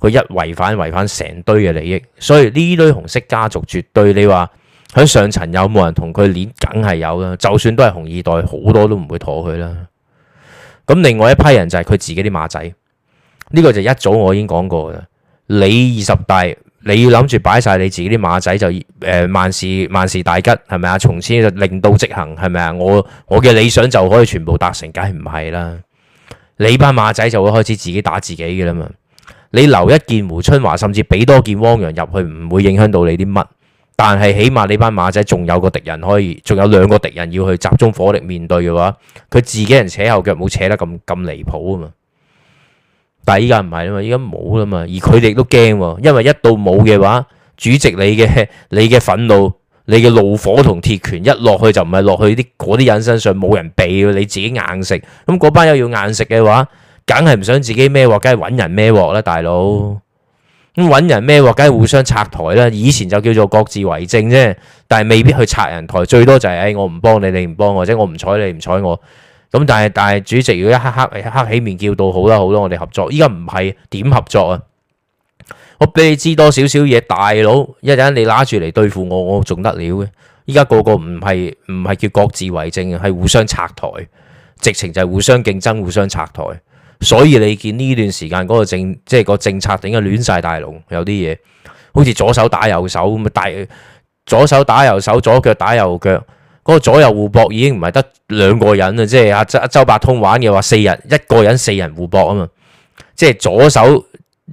佢一違反，違反成堆嘅利益，所以呢堆紅色家族，絕對你話喺上層有冇人同佢連，梗係有啦。就算都係紅二代，好多都唔會妥佢啦。咁另外一批人就係佢自己啲馬仔，呢、這個就一早我已經講過噶。你二十大，你要諗住擺晒你自己啲馬仔就誒萬、呃、事萬事大吉，係咪啊？從此就令到執行係咪啊？我我嘅理想就可以全部達成，梗係唔係啦？你班馬仔就會開始自己打自己嘅啦嘛。你留一件胡春華，甚至俾多件汪洋入去，唔會影響到你啲乜。但係起碼你班馬仔仲有個敵人可以，仲有兩個敵人要去集中火力面對嘅話，佢自己人扯後腳冇扯得咁咁離譜啊嘛。但係依家唔係啊嘛，依家冇啦嘛。而佢哋都驚喎，因為一到冇嘅話，主席你嘅你嘅憤怒、你嘅怒火同鐵拳一落去就唔係落去啲嗰啲人身上，冇人避，你自己硬食。咁嗰班又要硬食嘅話。梗係唔想自己孭鑊，梗係揾人孭鑊啦，大佬咁揾人孭鑊，梗係互相拆台啦。以前就叫做各自為政啫，但係未必去拆人台，最多就係、是、誒、欸、我唔幫你，你唔幫我，或者我唔睬你，你唔睬我咁。但係但係主席要一刻黑黑起面叫到好啦，好啦，我哋合作依家唔係點合作啊？我俾你知多少少嘢，大佬一陣你拉住嚟對付我，我仲得了嘅。依家個個唔係唔係叫各自為政，係互相拆台，直情就係互相競爭，互相拆台。所以你見呢段時間嗰個政，即係個政策點解亂晒大龍？有啲嘢好似左手打右手咁，大左手打右手，左腳打右腳。嗰個左右互搏已經唔係得兩個人啊，即係阿周周伯通玩嘅話，四人一個人四人互搏啊嘛，即係左手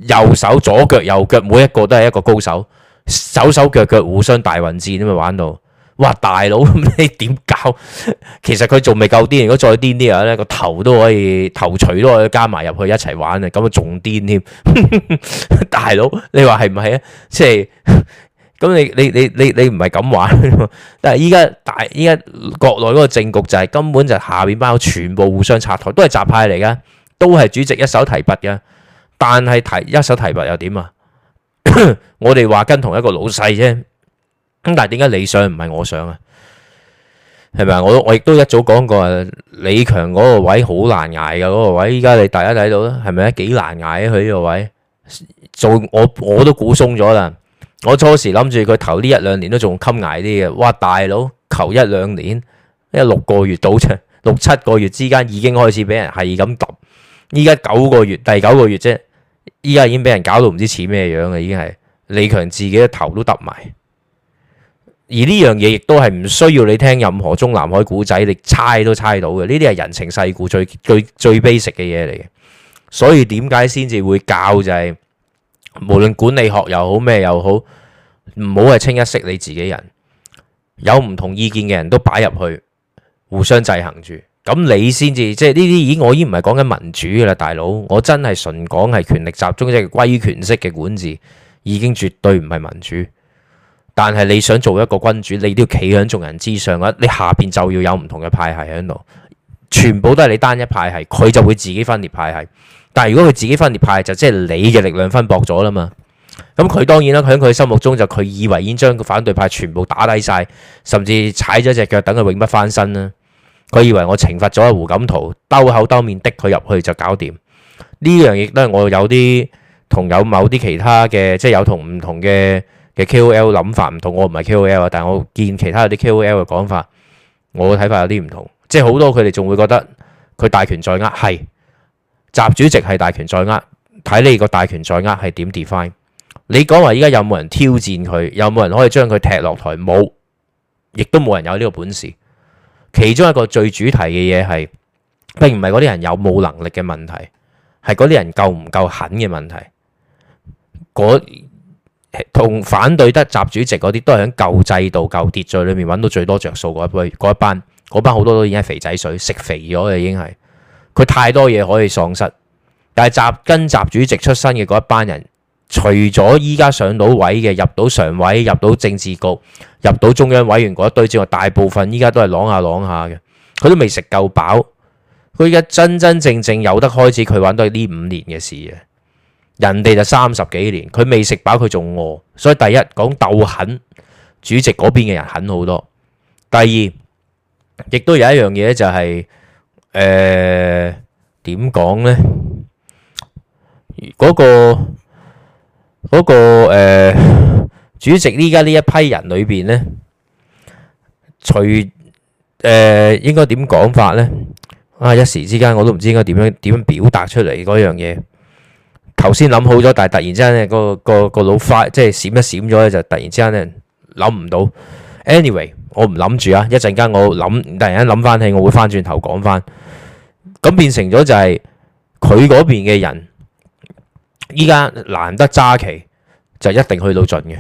右手左腳右腳，每一個都係一個高手，手手腳腳互相大混戰咁啊，玩到。哇！大佬，咁你點搞？其實佢仲未夠癲，如果再癲啲啊咧，個頭都可以頭槌都可以加埋入去一齊玩啊！咁啊仲癲添， 大佬，你話係唔係啊？即係咁，你你你你你唔係咁玩，但係依家大依家國內嗰個政局就係、是、根本就下邊下面包全部互相拆台，都係習派嚟噶，都係主席一手提拔噶，但係提一手提拔又點啊？ 我哋話跟同一個老細啫。咁但係點解你上唔係我上？啊？係咪啊？我我亦都一早講過啊，李強嗰個位好難挨嘅嗰個位，依家你大家睇到啦，係咪啊？幾難挨啊！佢呢個位做我我都估鬆咗啦。我初時諗住佢頭呢一兩年都仲襟挨啲嘅，哇！大佬頭一兩年，一六個月到啫，六七個月之間已經開始俾人係咁揼。依家九個月，第九個月啫，依家已經俾人搞到唔知似咩樣嘅，已經係李強自己個頭都揼埋。而呢樣嘢亦都係唔需要你聽任何中南海古仔，你猜，猜都猜到嘅。呢啲係人情世故最最最 basic 嘅嘢嚟嘅。所以點解先至會教就係、是，無論管理學又好咩又好，唔好係清一色你自己人，有唔同意見嘅人都擺入去，互相制衡住，咁你先至即係呢啲。已經，我已經唔係講緊民主嘅啦，大佬，我真係純講係權力集中即係威權式嘅管治，已經絕對唔係民主。但係你想做一個君主，你都要企喺眾人之上啊！你下邊就要有唔同嘅派系喺度，全部都係你單一派系，佢就會自己分裂派系。但係如果佢自己分裂派系，就即係你嘅力量分薄咗啦嘛。咁佢當然啦，喺佢心目中就佢以為已經將個反對派全部打低晒，甚至踩咗隻腳，等佢永不翻身啦。佢以為我懲罰咗胡錦濤，兜口兜面的佢入去就搞掂呢樣，亦都係我有啲同有某啲其他嘅，即係有同唔同嘅。嘅 K O L 諗法唔同，我唔係 K O L 啊，但係我見其他有啲 K O L 嘅講法，我嘅睇法有啲唔同，即係好多佢哋仲會覺得佢大權在握，係習主席係大權在握，睇你個大權在握係點 define，你講話依家有冇人挑戰佢，有冇人可以將佢踢落台？冇，亦都冇人有呢個本事。其中一個最主題嘅嘢係，並唔係嗰啲人有冇能力嘅問題，係嗰啲人夠唔夠狠嘅問題，嗰。同反對得習主席嗰啲都係喺舊制度、舊秩序裏面揾到最多着數嗰一班，嗰班好多都已經係肥仔水，食肥咗嘅已經係佢太多嘢可以喪失。但係習跟習主席出身嘅嗰一班人，除咗依家上到位嘅，入到常委、入到政治局、入到中央委員嗰一堆之外，大部分依家都係啷下啷下嘅，佢都未食夠飽。佢依家真真正正有得開始，佢揾到係呢五年嘅事啊！人哋就三十幾年，佢未食飽，佢仲餓，所以第一講鬥狠，主席嗰邊嘅人狠好多。第二，亦都有一樣嘢就係，誒點講呢？嗰個嗰個誒主席依家呢一批人裏邊呢，除誒應該點講法呢？啊，一時之間我都唔知應該點樣點樣表達出嚟嗰樣嘢。頭先諗好咗，但係突然之間咧，嗰個個個腦花，即係閃一閃咗咧，就突然之間咧諗唔到。Anyway，我唔諗住啊，一陣間我諗，突然間諗翻起，我會翻轉頭講翻。咁變成咗就係佢嗰邊嘅人，依家難得揸旗，就一定去到盡嘅。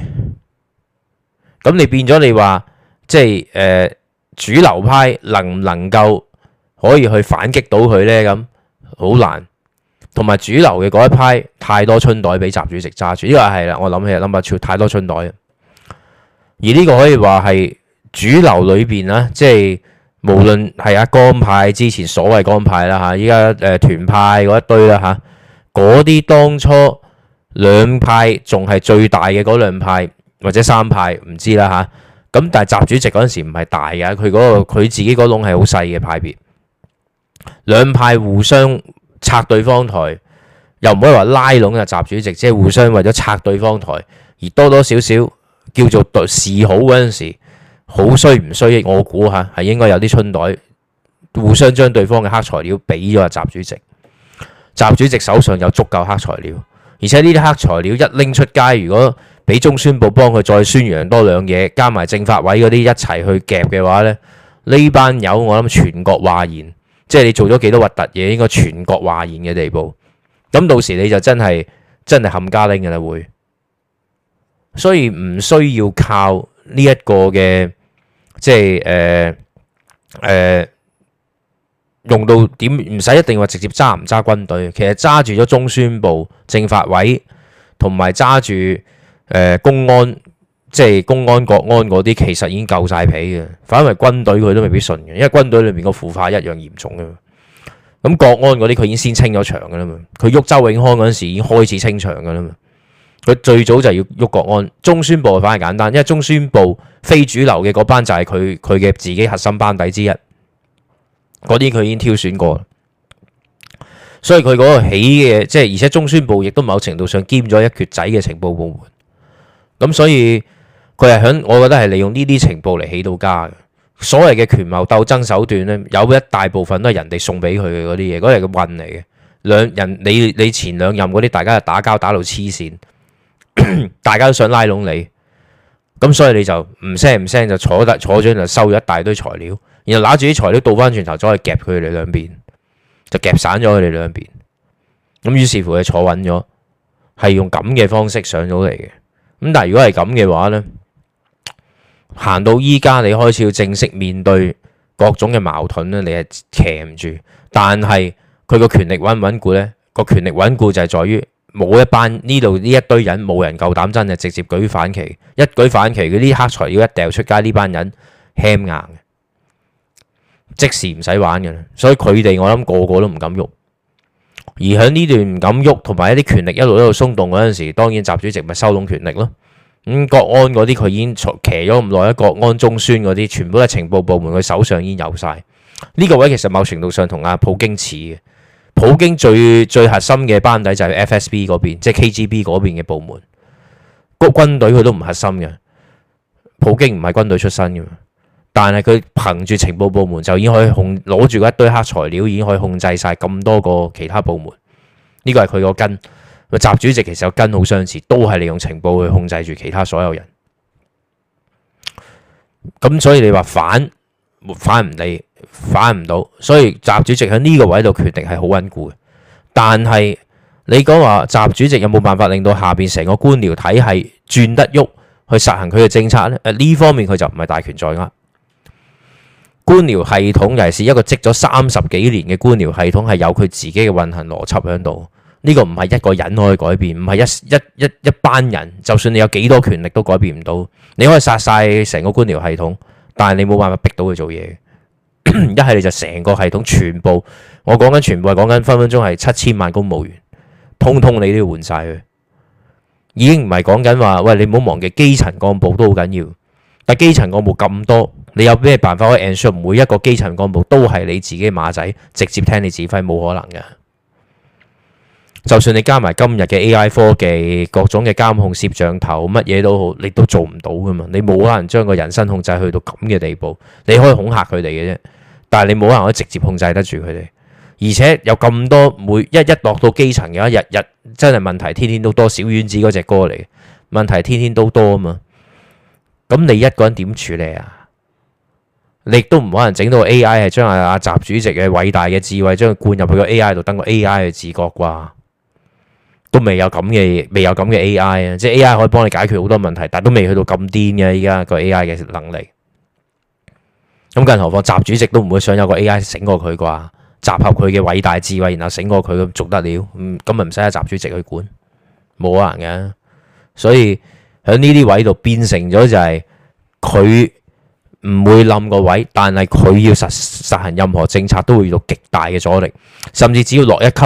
咁你變咗你話，即係誒主流派能唔能夠可以去反擊到佢咧？咁好難。同埋主流嘅嗰一派太多春袋俾習主席揸住，呢個係啦，我諗起諗下，超太多春袋，而呢個可以話係主流裏邊啦，即係無論係阿江派之前所謂江派啦吓，依家誒團派嗰一堆啦吓，嗰、啊、啲當初兩派仲係最大嘅嗰兩派或者三派，唔知啦吓。咁、啊、但係習主席嗰陣時唔係大嘅，佢嗰、嗰個佢自己嗰窿係好細嘅派別，兩派互相，拆對方台，又唔可以話拉攏啊，習主席即係互相為咗拆對方台，而多多少少叫做對示好嗰陣時，好衰唔衰？我估吓係應該有啲春袋，互相將對方嘅黑材料俾咗啊，習主席，習主席手上有足夠黑材料，而且呢啲黑材料一拎出街，如果俾中宣部幫佢再宣揚多兩嘢，加埋政法委嗰啲一齊去夾嘅話咧，呢班友我諗全國話言。即係你做咗幾多核突嘢，應該全國嘩然嘅地步，咁到時你就真係真係冚家拎㗎喇。會，所以唔需要靠呢一個嘅，即係誒誒用到點，唔使一定話直接揸唔揸軍隊，其實揸住咗中宣部、政法委同埋揸住誒公安。即係公安、國安嗰啲，其實已經夠晒皮嘅。反為軍隊佢都未必信嘅，因為軍隊裏面個腐化一樣嚴重啊。咁國安嗰啲佢已經先清咗場㗎喇嘛。佢喐周永康嗰陣時已經開始清場㗎喇嘛。佢最早就要喐國安。中宣部反而簡單，因為中宣部非主流嘅嗰班就係佢佢嘅自己核心班底之一，嗰啲佢已經挑選過。所以佢嗰個起嘅即係，而且中宣部亦都某程度上兼咗一缺仔嘅情報部門。咁所以。佢係喺，我覺得係利用呢啲情報嚟起到家嘅。所謂嘅權謀鬥爭手段呢，有一大部分都係人哋送俾佢嘅嗰啲嘢，嗰係個運嚟嘅。兩人你你，前兩任嗰啲，大家就打交打到黐線， 大家都想拉攏你，咁所以你就唔聲唔聲就坐得坐咗就收咗一大堆材料，然後攞住啲材料倒翻轉頭再夾佢哋兩邊，就夾散咗佢哋兩邊。咁於是乎佢坐穩咗，係用咁嘅方式上咗嚟嘅。咁但係如果係咁嘅話呢？行到依家，你開始要正式面對各種嘅矛盾咧，你係騎唔住。但係佢個權力穩唔穩固呢？個權力穩固就係在於冇一班呢度呢一堆人冇人夠膽真係直接舉反旗。一舉反旗，佢啲黑材料一掉出街，呢班人輕硬，即時唔使玩嘅。所以佢哋我諗個個都唔敢喐。而喺呢段唔敢喐，同埋一啲權力一路一路一路鬆動嗰陣時，當然習主席咪收攏權力咯。咁、嗯、國安嗰啲佢已經騎咗咁耐，一國安中宣嗰啲，全部都係情報部門佢手上已經有晒。呢、這個位其實某程度上同阿普京似嘅，普京最最核心嘅班底就係 FSB 嗰邊，即係 KGB 嗰邊嘅部門。個軍隊佢都唔核心嘅，普京唔係軍隊出身嘅，但係佢憑住情報部門就已經可以控攞住一堆黑材料，已經可以控制晒咁多個其他部門。呢、這個係佢個根。習主席其實有根好相似，都係利用情報去控制住其他所有人。咁所以你話反反唔理，反唔到，所以習主席喺呢個位度決定係好穩固嘅。但係你講話習主席有冇辦法令到下邊成個官僚體系轉得喐，去實行佢嘅政策咧？誒，呢方面佢就唔係大權在握。官僚系統尤其是一個積咗三十幾年嘅官僚系統，係有佢自己嘅運行邏輯喺度。呢個唔係一個人可以改變，唔係一一一一班人，就算你有幾多權力都改變唔到。你可以殺晒成個官僚系統，但係你冇辦法逼到佢做嘢。一係 你就成個系統全部，我講緊全部係講緊分分鐘係七千萬公務員，通通你都要換晒佢。已經唔係講緊話，喂你唔好忘記基層幹部都好緊要。但基層幹部咁多，你有咩辦法可以 ensure 每一個基層幹部都係你自己馬仔，直接聽你指揮？冇可能嘅。就算你加埋今日嘅 A.I. 科技，各種嘅監控攝像頭，乜嘢都好，你都做唔到㗎嘛？你冇可能將個人身控制去到咁嘅地步，你可以恐嚇佢哋嘅啫。但係你冇可能可以直接控制得住佢哋，而且有咁多每一一落到基層嘅一日日真係問題，天天都多小丸子嗰隻歌嚟嘅問題，天天都多啊嘛。咁你一個人點處理啊？你都唔可能整到 A.I. 係將阿阿習主席嘅偉大嘅智慧將佢灌入去個 A.I. 度，等個 A.I. 去自覺啩？都未有咁嘅，未有咁嘅 AI 啊！即係 AI 可以幫你解決好多問題，但都未去到咁癲嘅依家個 AI 嘅能力。咁更何況習主席都唔會想有個 AI 醒過佢啩，集合佢嘅偉大智慧，然後醒過佢咁仲得了？嗯，咁咪唔使阿習主席去管，冇可能嘅。所以喺呢啲位度變成咗就係佢唔會冧個位，但係佢要實實行任何政策都會遇到極大嘅阻力，甚至只要落一級。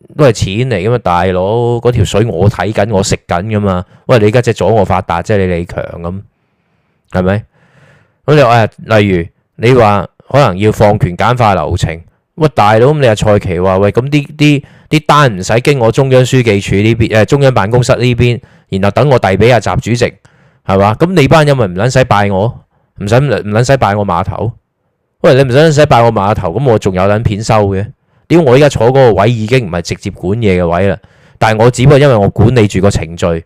都係錢嚟噶嘛，大佬，嗰條水我睇緊，我食緊噶嘛。喂，你而家即阻我發達，即係你李強咁，係咪？咁你話，例如你話可能要放權簡化流程，喂，大佬咁你阿蔡奇話喂，咁啲啲啲單唔使經我中央書記處呢邊誒中央辦公室呢邊，然後等我遞俾阿習主席，係嘛？咁你班人咪唔捻使拜我，唔使唔捻使拜我碼頭。喂，你唔捻使拜我碼頭，咁我仲有捻片收嘅。屌！我而家坐嗰個位已經唔係直接管嘢嘅位啦，但係我只不過因為我管理住個程序，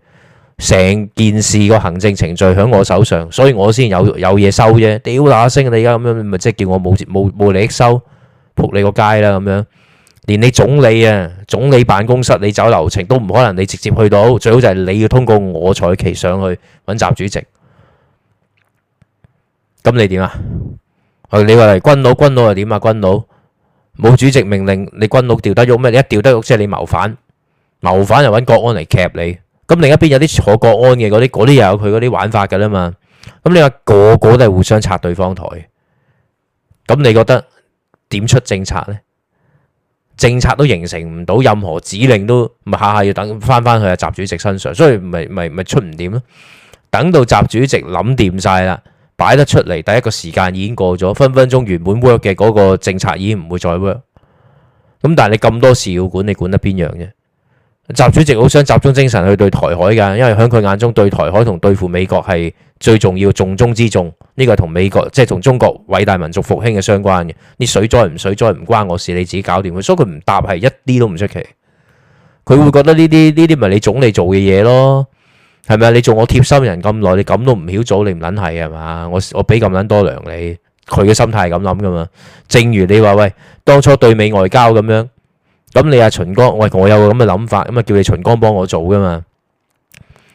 成件事個行政程序喺我手上，所以我先有有嘢收啫。屌那聲，你而家咁樣咪即係叫我冇冇冇利益收，撲你個街啦咁樣。連你總理啊，總理辦公室你走流程都唔可能，你直接去到最好就係你要通過我才騎上去搵習主席。咁你點啊？誒，你話嚟軍佬，軍佬又點啊？軍佬。冇主席命令你軍佬調得喐咩？你一調得喐即係你謀反，謀反又揾國安嚟夾你。咁另一邊有啲坐國安嘅嗰啲，嗰啲又有佢嗰啲玩法噶啦嘛。咁你話個個都係互相拆對方台嘅，咁你覺得點出政策呢？政策都形成唔到，任何指令都咪下下要等翻翻去啊習主席身上，所以咪咪咪出唔掂咯。等到習主席諗掂晒啦。擺得出嚟，第一個時間已經過咗，分分鐘原本 work 嘅嗰個政策已經唔會再 work。咁但係你咁多事要管，你管得邊樣啫？習主席好想集中精神去對台海嘅，因為喺佢眼中對台海同對付美國係最重要、重中之重。呢個係同美國即係同中國偉大民族復興嘅相關嘅，你水災唔水災唔關我事，你自己搞掂佢。所以佢唔答係一啲都唔出奇，佢會覺得呢啲呢啲咪你總理做嘅嘢咯。係咪啊？你做我貼心人咁耐，你咁都唔曉做，你唔捻係啊嘛？我我俾咁捻多糧你，佢嘅心態係咁諗噶嘛？正如你話喂，當初對美外交咁樣，咁你阿秦剛，我我有個咁嘅諗法，咁啊叫你秦剛幫我做噶嘛？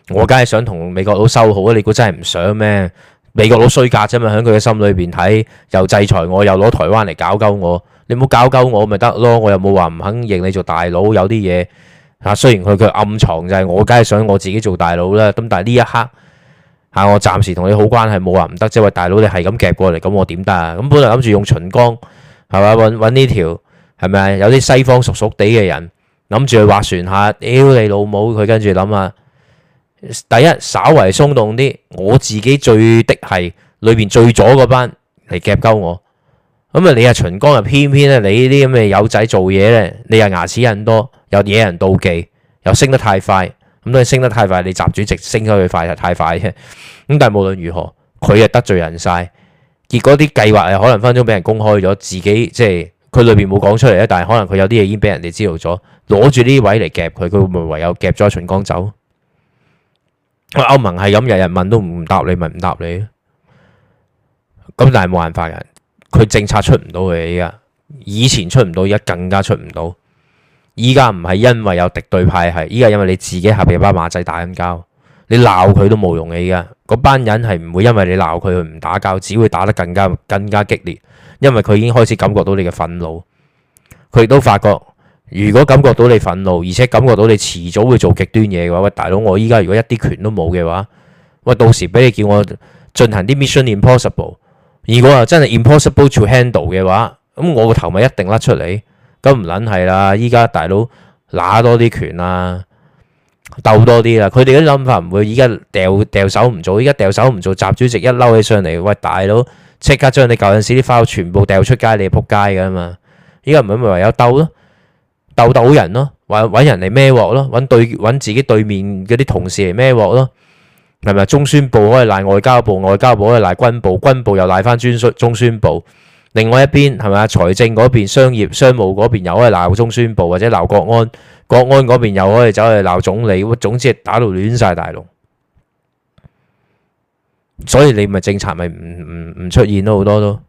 我梗係想同美國佬修好啊！你估真係唔想咩？美國佬衰格啫嘛，響佢嘅心裏邊睇，又制裁我又攞台灣嚟搞鳩我，你唔好搞鳩我咪得咯？我又冇話唔肯認你做大佬，有啲嘢。啊，雖然佢佢暗藏就係我，梗係想我自己做大佬啦。咁但係呢一刻，吓我暫時同你好關係，冇話唔得。即係大佬，你係咁夾過嚟，咁我點得啊？咁本來諗住用秦剛，係嘛，搵搵呢條，係咪有啲西方熟熟地嘅人諗住去划船下，屌你老母！佢跟住諗啊，第一稍為鬆動啲，我自己最的係裏面最左嗰班嚟夾鳩我。咁啊，你阿秦剛又偏偏咧，你呢啲咁嘅友仔做嘢咧，你又牙齒印多。又惹人妒忌，又升得太快，咁你升得太快。你習主席升咗佢快就太快啫。咁但係無論如何，佢又得罪人晒，結果啲計劃又可能分鐘俾人公開咗，自己即係佢裏邊冇講出嚟咧，但係可能佢有啲嘢已經俾人哋知道咗，攞住呢位嚟夾佢，佢會唔會唯有夾咗秦剛走。話歐盟係咁，日日問都唔答你，咪唔答你。咁但係冇辦法嘅，佢政策出唔到嚟依家，以前出唔到，而家更加出唔到。依家唔係因為有敵對派，係依家因為你自己下邊班馬仔打緊交，你鬧佢都冇用嘅。依家嗰班人係唔會因為你鬧佢唔打交，只會打得更加更加激烈，因為佢已經開始感覺到你嘅憤怒。佢亦都發覺，如果感覺到你憤怒，而且感覺到你遲早會做極端嘢嘅話，喂，大佬，我依家如果一啲權都冇嘅話，喂，到時俾你叫我進行啲 mission impossible，如果啊真係 impossible to handle 嘅話，咁我個頭咪一定甩出嚟。咁唔撚係啦！依家大佬拿多啲權啦，鬥多啲啦。佢哋啲諗法唔會，依家掉掉手唔做，依家掉手唔做，習主席一嬲起上嚟，喂大佬即刻將你舊陣時啲花全部掉出街，你仆街噶嘛？依家唔係咪唯有鬥咯？鬥鬥人咯，揾人嚟孭鑊咯，揾揾自己對面嗰啲同事嚟孭鑊咯，係咪？中宣部可以賴外交部，外交部可以賴軍部，軍部又賴翻中宣部。另外一邊係咪啊？財政嗰邊、商業、商務嗰邊又可以鬧中宣部，或者鬧國安，國安嗰邊又可以走去鬧總理。總之係打到亂晒大龍，所以你咪政策咪唔唔唔出現咯好多都。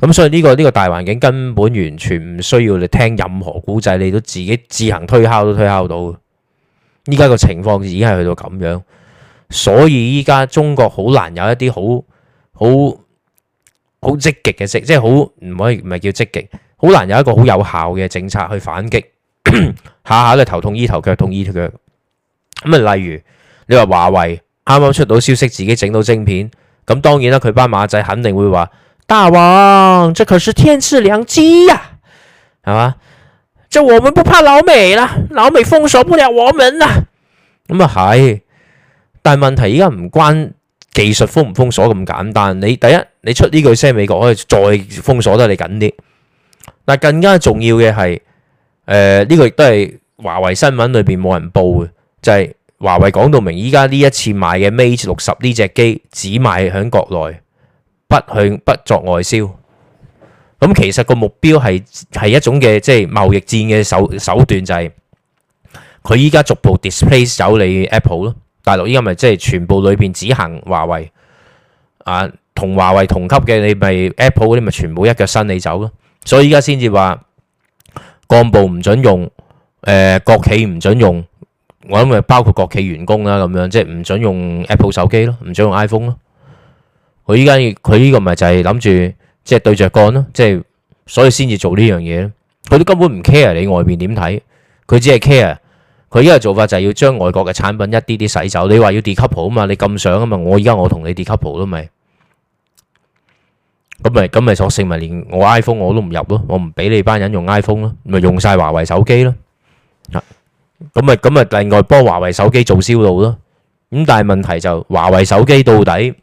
咁所以呢、這個呢、這個大環境根本完全唔需要你聽任何古仔，你都自己自行推敲都推敲到。依家個情況已經係去到咁樣，所以依家中國好難有一啲好好。好積極嘅積，即係好唔可以唔係叫積極，好難有一個好有效嘅政策去反擊， 下下都頭痛醫頭，腳痛醫腳。咁啊，例如你話華為啱啱出到消息，自己整到晶片，咁當然啦，佢班馬仔肯定會話，大王，即佢是天賜良機呀、啊，係嘛？這我們不怕老美啦，老美封鎖不了我們啦。咁啊係，但問題而家唔關。技術封唔封鎖咁簡單？你第一，你出呢句聲，美國可以再封鎖得你緊啲。但更加重要嘅係，誒、呃、呢、這個亦都係華為新聞裏邊冇人報嘅，就係、是、華為講到明，依家呢一次賣嘅 Mate 六十呢隻機只賣響國內，不向不作外銷。咁、嗯、其實個目標係係一種嘅即係貿易戰嘅手手段、就是，就係佢依家逐步 displace 走你 Apple 咯。大陸依家咪即係全部裏邊只行華為啊，同華為同級嘅你咪 Apple 嗰啲咪全部一腳伸你走咯。所以依家先至話幹部唔準用，誒、國企唔準用，我諗咪包括國企員工啦咁樣，即係唔準用 Apple 手機咯，唔準用 iPhone 咯。佢依家佢呢個咪就係諗住即係對著幹咯，即係所以先至做呢樣嘢。佢都根本唔 care 你外邊點睇，佢只係 care。佢依個做法就係要將外國嘅產品一啲啲洗走。你話要 decouple 啊嘛，你咁想啊嘛。我依家我同你 decouple 咯咪，咁咪咁咪索性咪連我 iPhone 我都唔入咯，我唔俾你班人用 iPhone 咯，咪用晒華為手機咯。咁咪咁咪另外幫華為手機做銷路咯。咁但係問題就華為手機到底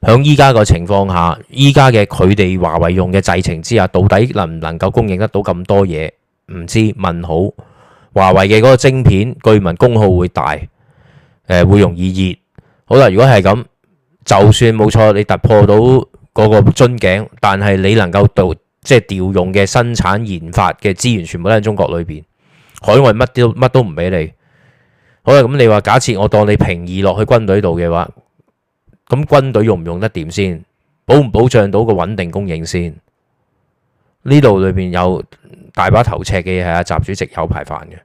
響依家個情況下，依家嘅佢哋華為用嘅製程之下，到底能唔能夠供應得到咁多嘢？唔知問好。華為嘅嗰個晶片據聞功耗會大，誒會容易熱。好啦，如果係咁，就算冇錯你突破到嗰個樽頸，但係你能夠度即係調用嘅生產研發嘅資源全部都喺中國裏邊，海外乜都乜都唔俾你。好啦，咁你話假設我當你平移落去軍隊度嘅話，咁軍隊用唔用得掂先？保唔保障到個穩定供應先？呢度裏邊有，大把頭赤嘅嘢係阿習主席有排煩嘅，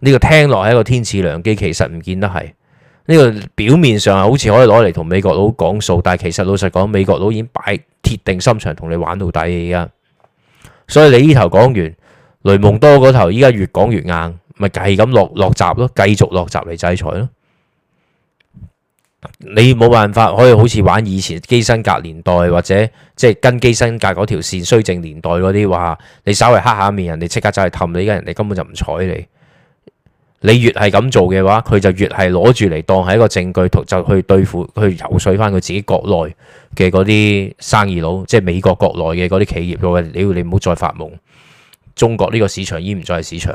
呢個聽落係一個天賜良機，其實唔見得係。呢個表面上好似可以攞嚟同美國佬講數，但係其實老實講，美國佬已經擺鐵定心腸同你玩到底，而家所以你呢頭講完，雷蒙多嗰頭依家越講越硬，咪係咁落落閘咯，繼續落閘嚟制裁咯。你冇辦法可以好似玩以前基辛格年代或者即係跟基辛格嗰條線衰政年代嗰啲，話你稍微黑下面，人哋即刻就去氹你，而家人哋根本就唔睬你。你越係咁做嘅話，佢就越係攞住嚟當係一個證據，就去對付去游說翻佢自己國內嘅嗰啲生意佬，即係美國國內嘅嗰啲企業嘅話，屌你唔好再發夢，中國呢個市場已經唔再係市場。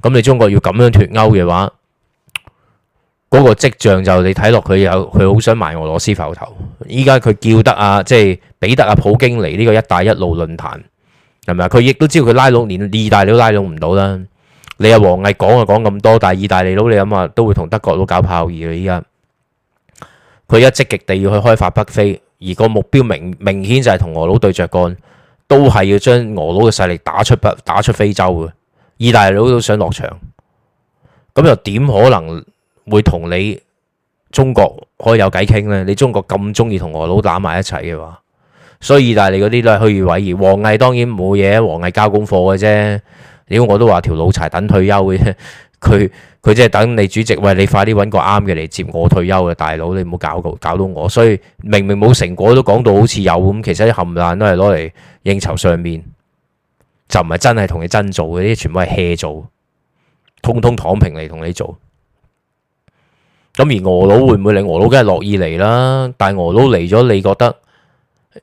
咁你中國要咁樣脫鈎嘅話？嗰個跡象就你睇落，佢有佢好想埋俄羅斯浮頭。依家佢叫得啊，即係彼得阿普京嚟呢個一帶一路論壇係咪？佢亦都知道佢拉攏連意大利佬拉攏唔到啦。你阿王毅講啊講咁多，但係意大利佬你諗下都會同德國佬搞炮二啊。依家佢一積極地要去開發北非，而個目標明明顯就係同俄佬對着幹，都係要將俄佬嘅勢力打出北打出非洲啊。意大利佬都想落場，咁又點可能？會同你中國可以有偈傾咧？你中國咁中意同俄佬打埋一齊嘅話，所以意大利嗰啲都係虛與委蛇。王毅當然冇嘢，王毅交功課嘅啫。屌我都話條老柴等退休嘅，佢佢即係等你主席，喂你快啲揾個啱嘅嚟接我退休嘅大佬，你唔好搞到搞到我。所以明明冇成果都講到好似有咁，其實啲冚爛都係攞嚟應酬上面，就唔係真係同你真做嘅，啲全部係 hea 做，通通躺平嚟同你做。咁而俄佬會唔會令俄佬梗係樂意嚟啦？但係俄佬嚟咗，你覺得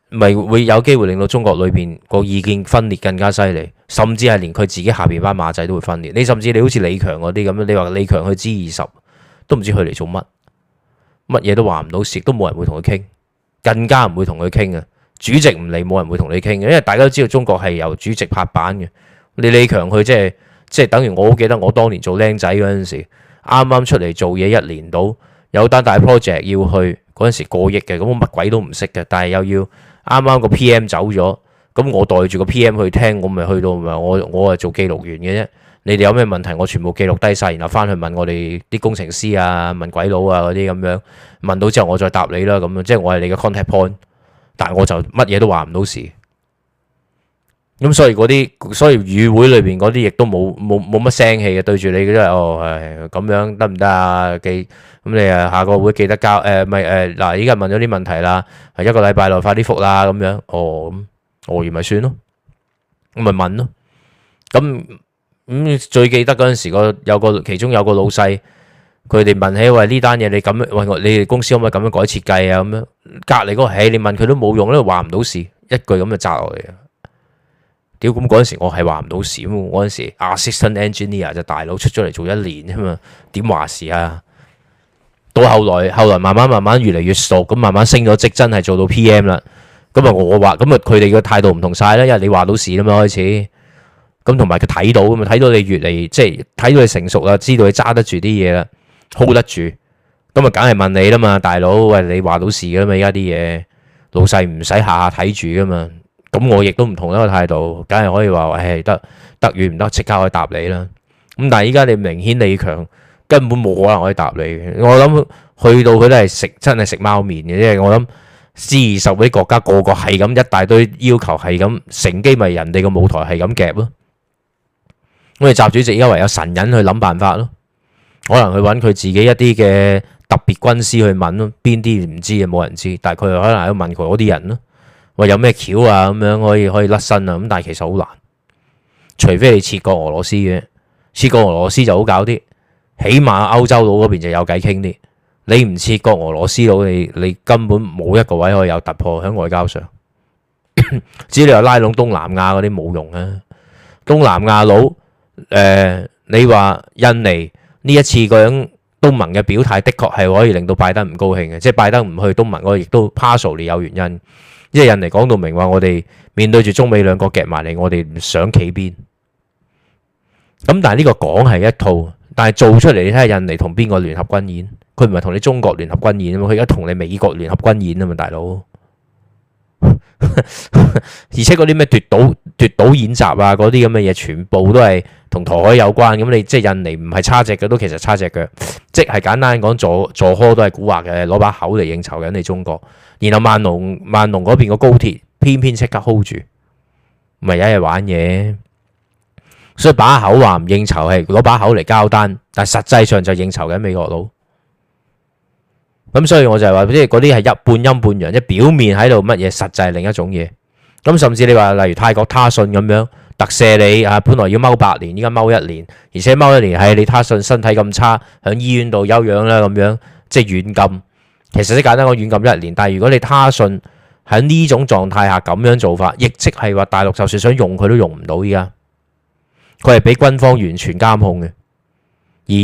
咪會有機會令到中國裏邊個意見分裂更加犀利，甚至係連佢自己下邊班馬仔都會分裂。你甚至你好似李強嗰啲咁樣，你話李強去 G20 都唔知佢嚟做乜，乜嘢都話唔到事，都冇人會同佢傾，更加唔會同佢傾嘅。主席唔嚟，冇人會同你傾嘅，因為大家都知道中國係由主席拍板嘅。你李強去即係即係等於我好記得我當年做僆仔嗰陣時。啱啱出嚟做嘢一年到，有單大 project 要去嗰陣時，過億嘅。咁我乜鬼都唔識嘅，但係又要啱啱個 PM 走咗，咁我代住個 PM 去聽，我咪去到咪我我係做記錄員嘅啫。你哋有咩問題，我全部記錄低晒，然後翻去問我哋啲工程師啊，問鬼佬啊嗰啲咁樣，問到之後我再答你啦，咁樣，即係我係你嘅 contact point，但係我就乜嘢都話唔到事。咁所以嗰啲，所以與會裏邊嗰啲亦都冇冇冇乜聲氣嘅，對住你嘅都係哦，係咁樣得唔得啊？記咁你啊下個會記得交誒咪誒嗱，依家問咗啲問題啦，係一個禮拜內快啲覆啦咁樣哦，咁我而咪算咯，我咪問咯。咁咁最記得嗰陣時個有個其中有個老細，佢哋問起話呢單嘢你咁喂，你哋公司可唔可以咁樣改設計啊？咁樣隔離嗰個，嘿你問佢都冇用，因為話唔到事，一句咁就砸落嚟。屌，咁嗰陣時我係話唔到事，我嗰陣時 assistant engineer 就大佬出咗嚟做一年啫嘛，點話事啊？到後來，後來慢慢慢慢越嚟越熟，咁慢慢升咗職，真係做到 PM 啦。咁啊，我話，咁啊，佢哋個態度唔同晒啦，因為你話到事啦嘛，開始，咁同埋佢睇到，吖嘛，睇到你越嚟即係睇到你成熟啦，知道你揸得住啲嘢啦，hold 得住，咁啊，梗係問你啦嘛，大佬，喂，你話到事噶啦嘛，而家啲嘢老細唔使下下睇住噶嘛。咁我亦都唔同一個態度，梗係可以話係得得與唔得，即刻可以答你啦。咁但係依家你明顯李強，根本冇可能可以答你嘅。我諗去到佢都係食真係食貓麵嘅，因為我諗 G 二十嗰啲國家個個係咁一大堆要求，係咁乘機咪人哋個舞台係咁夾咯。因為習主席依家唯有神人去諗辦法咯，可能去揾佢自己一啲嘅特別軍師去問咯，邊啲唔知啊，冇人知，但係佢可能喺度問佢嗰啲人咯。話有咩橋啊，咁樣可以可以甩身啊，咁，但係其實好難，除非你切割俄羅斯嘅，切割俄羅斯就好搞啲，起碼歐洲佬嗰邊就有偈傾啲。你唔切割俄羅斯佬，你你根本冇一個位可以有突破喺外交上。只 要你話拉攏東南亞嗰啲冇用啊，東南亞佬誒，你話印尼呢一次咁樣東盟嘅表態的確係可以令到拜登唔高興嘅，即係拜登唔去東盟嗰個亦都 pass 你有原因。因為印尼講到明話，我哋面對住中美兩國夾埋嚟，我哋唔想企邊。咁但係呢個講係一套，但係做出嚟你睇下印尼同邊個聯合軍演？佢唔係同你中國聯合軍演啊嘛，佢而家同你美國聯合軍演啊嘛，大佬。 而且嗰啲咩奪島、奪島演習啊，嗰啲咁嘅嘢，全部都係同台海有關。咁你即係印尼唔係差隻腳，都其實差隻腳。即係簡單講，座座呵都係古惑嘅，攞把口嚟應酬緊你中國。然後萬隆萬隆嗰邊個高鐵偏偏即刻 hold 住，咪一日玩嘢。所以把口話唔應酬係攞把口嚟交單，但係實際上就應酬緊美國佬。咁所以我就係話，即係嗰啲係一半陰半陽，即表面喺度乜嘢，實際係另一種嘢。咁甚至你話，例如泰國他信咁樣特赦你啊，本來要踎八年，依家踎一年，而且踎一年喺你他信身體咁差，喺醫院度休養啦，咁樣即係軟禁。其實即係簡單講，軟禁一年。但係如果你他信喺呢種狀態下咁樣做法，亦即係話大陸就算想用佢都用唔到依家，佢係俾軍方完全監控嘅。而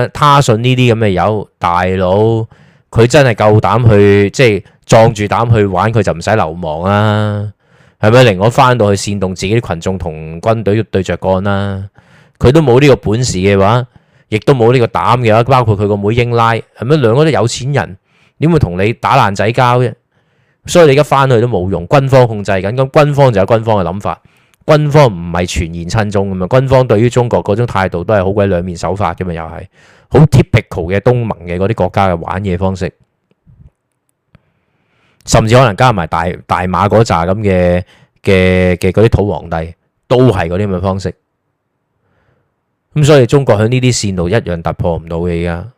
阿他信呢啲咁嘅有大佬。佢真係夠膽去，即係壯住膽去玩，佢就唔使流亡啊，係咪？另外翻到去煽動自己啲群眾同軍隊對着幹啦，佢都冇呢個本事嘅話，亦都冇呢個膽嘅話，包括佢個妹妹英拉，係咪兩個都有錢人，點會同你打爛仔交啫？所以你而家翻去都冇用，軍方控制緊，咁軍方就有軍方嘅諗法，軍方唔係全然親中嘅嘛，軍方對於中國嗰種態度都係好鬼兩面手法嘅嘛，又係。好 typical 嘅東盟嘅嗰啲國家嘅玩嘢方式，甚至可能加埋大大馬嗰扎咁嘅嘅嘅嗰啲土皇帝，都係嗰啲咁嘅方式。咁所以中國喺呢啲線路一樣突破唔到嘅而家。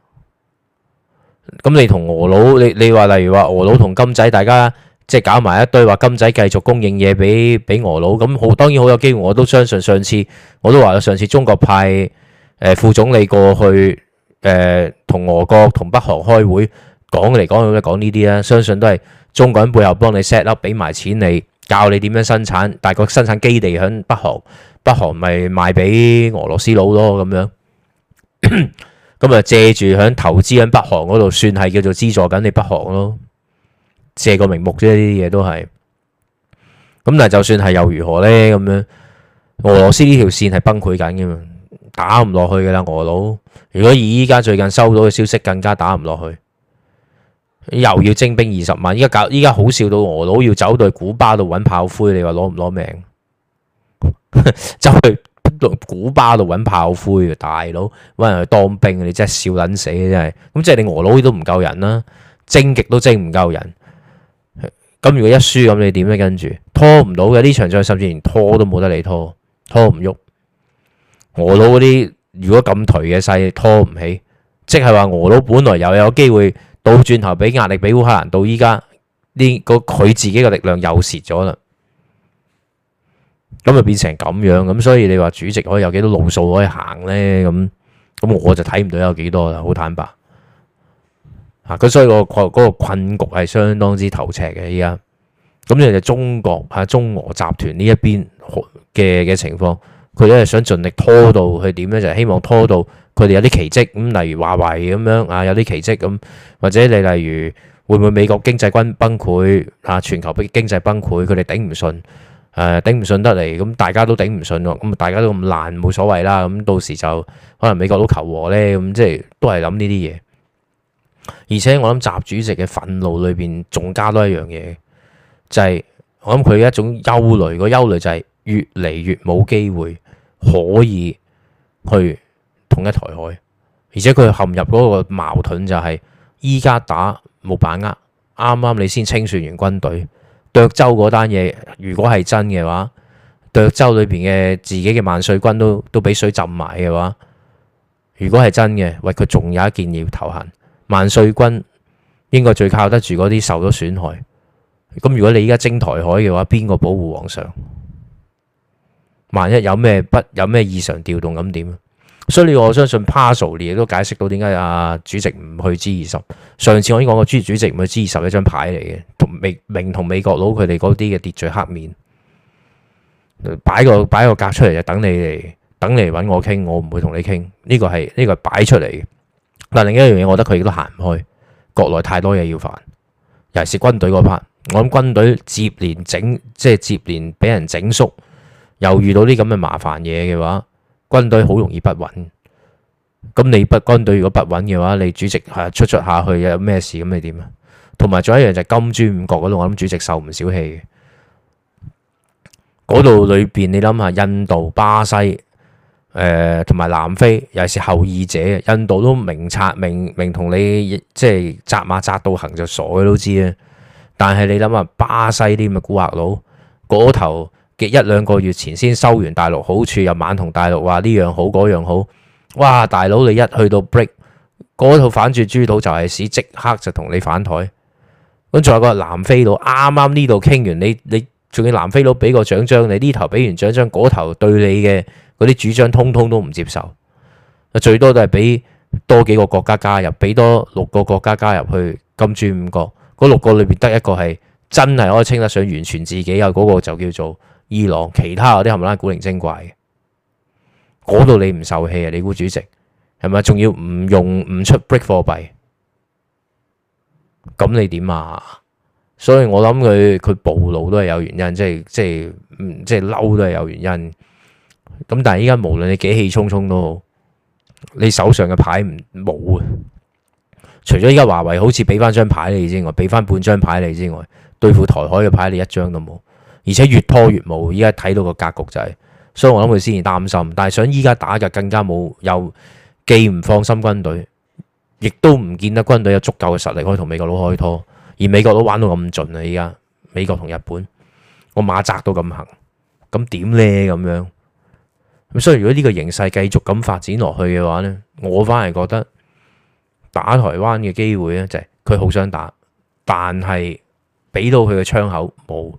咁你同俄佬，你你話例如話俄佬同金仔，大家即係搞埋一堆，話金仔繼續供應嘢俾俾俄佬，咁好當然好有機會。我都相信上次我都話啦，上次中國派誒副總理過去。誒，同、呃、俄國同北韓開會講嚟講去都講呢啲啦，相信都係中國人背後幫你 set up，俾埋錢你，教你點樣生產，但係個生產基地響北韓，北韓咪賣俾俄羅斯佬咯，咁樣咁啊，借住響投資響北韓嗰度，算係叫做資助緊你北韓咯，借個名目啫，呢啲嘢都係咁。但係就算係又如何呢？咁樣俄羅斯呢條線係崩潰緊嘅嘛，打唔落去嘅啦，俄佬。如果以依家最近收到嘅消息，更加打唔落去，又要徵兵二十萬，依家搞依家好笑到俄佬要走到去古巴度揾炮灰，你話攞唔攞命？走 去古巴度揾炮灰，大佬，揾人去當兵，你真係笑捻死，真係，咁即係你俄佬都唔夠人啦，徵極都徵唔夠人。咁如果一輸，咁你點咧？跟住拖唔到嘅呢場仗，甚至連拖都冇得你拖，拖唔喐。俄佬嗰啲。如果咁頹嘅勢拖唔起，即係話俄佬本來又有機會倒轉頭俾壓力俾烏克蘭，到依家呢個佢自己嘅力量又蝕咗啦，咁就變成咁樣，咁所以你話主席可以有幾多路數可以行呢？咁咁我就睇唔到有幾多啦，好坦白啊！咁所以，嗰個，嗰個困局係相當之頭赤嘅，依家咁你就中國啊中俄集團呢一邊嘅嘅情況。佢一係想盡力拖到佢點咧，就係、希望拖到佢哋有啲奇蹟咁，例如華為咁樣啊，有啲奇蹟咁，或者你例如會唔會美國經濟軍崩潰啊？全球經濟崩潰，佢哋頂唔順，誒、呃、頂唔順得嚟，咁大家都頂唔順咯，咁大家都咁爛冇所謂啦，咁到時就可能美國都求和咧，咁即係都係諗呢啲嘢。而且我諗習主席嘅憤怒裏邊，仲加多一樣嘢，就係、係、我諗佢一種憂慮，個憂慮就係越嚟越冇機會，可以去統一台海，而且佢陷入嗰個矛盾就係依家打冇把握，啱啱你先清算完軍隊，涿州嗰單嘢如果係真嘅話，涿州裏邊嘅自己嘅萬歲軍都都俾水浸埋嘅話，如果係真嘅，喂，佢仲有一件要投降，萬歲軍應該最靠得住嗰啲受咗損害。咁如果你依家徵台海嘅話，邊個保護皇上？萬一有咩不有咩異常調動咁點？所以呢個我相信 Parcel 呢亦都解釋到點解阿主席唔去支二十。上次我已經講過，主主席唔去支二十，一張牌嚟嘅，同美明同美國佬佢哋嗰啲嘅秩序黑面，擺個擺個格出嚟就等你嚟等你嚟揾我傾，我唔會同你傾。呢個係呢個係擺出嚟嘅。嗱，另一樣嘢，我覺得佢亦都行唔開，國內太多嘢要煩，尤其是軍隊嗰 part。我諗軍隊接連整，即係接連俾人整縮。又遇到啲咁嘅麻煩嘢嘅話，軍隊好容易不穩。咁你不軍隊如果不穩嘅話，你主席係出出下去又有咩事咁你點啊？同埋仲有一樣就係金磚五國嗰度，我諗主席受唔少氣。嗰度裏邊你諗下，印度、巴西、誒同埋南非尤其是後二者，印度都明察明明同你即係扎馬扎到行就傻嘅都知啊。但係你諗下巴西啲咁嘅古惑佬，嗰頭。嘅一兩個月前先收完大陸好處，又晚同大陸話呢樣好嗰樣好，哇！大佬你一去到 BRICS 嗰套反轉豬肚就係屎，即刻就同你反台。咁仲有個南非佬啱啱呢度傾完，你你仲要南非佬俾個獎章你，呢頭俾完獎章，嗰頭對你嘅嗰啲主張通通都唔接受。最多都係俾多幾個國家加入，俾多六個國家加入去金磚五國。嗰六個裏面得一個係真係可以稱得上完全自己嘅嗰、嗰個就叫做。伊朗，其他嗰啲冚唪唥古靈精怪嘅，嗰度你唔受氣啊！你估主席係咪仲要唔用唔出 BRICS 貨幣？咁你點啊？所以我諗佢佢暴怒都係有原因，即係即係即係嬲都係有原因。咁但係依家無論你幾氣沖沖都好，你手上嘅牌唔冇啊！除咗依家華為好似俾翻張牌你之外，俾翻半張牌你之外，對付台海嘅牌你一張都冇。而且越拖越冇，依家睇到個格局就係，所以我諗佢先至擔心。但係想依家打就更加冇，又既唔放心軍隊，亦都唔見得軍隊有足夠嘅實力可以同美國佬開拖。而美國佬玩到咁盡啊！依家美國同日本，我馬扎都咁行，咁點咧？咁樣，咁，所以如果呢個形勢繼續咁發展落去嘅話咧，我反而覺得打台灣嘅機會咧就係佢好想打，但係俾到佢嘅窗口冇。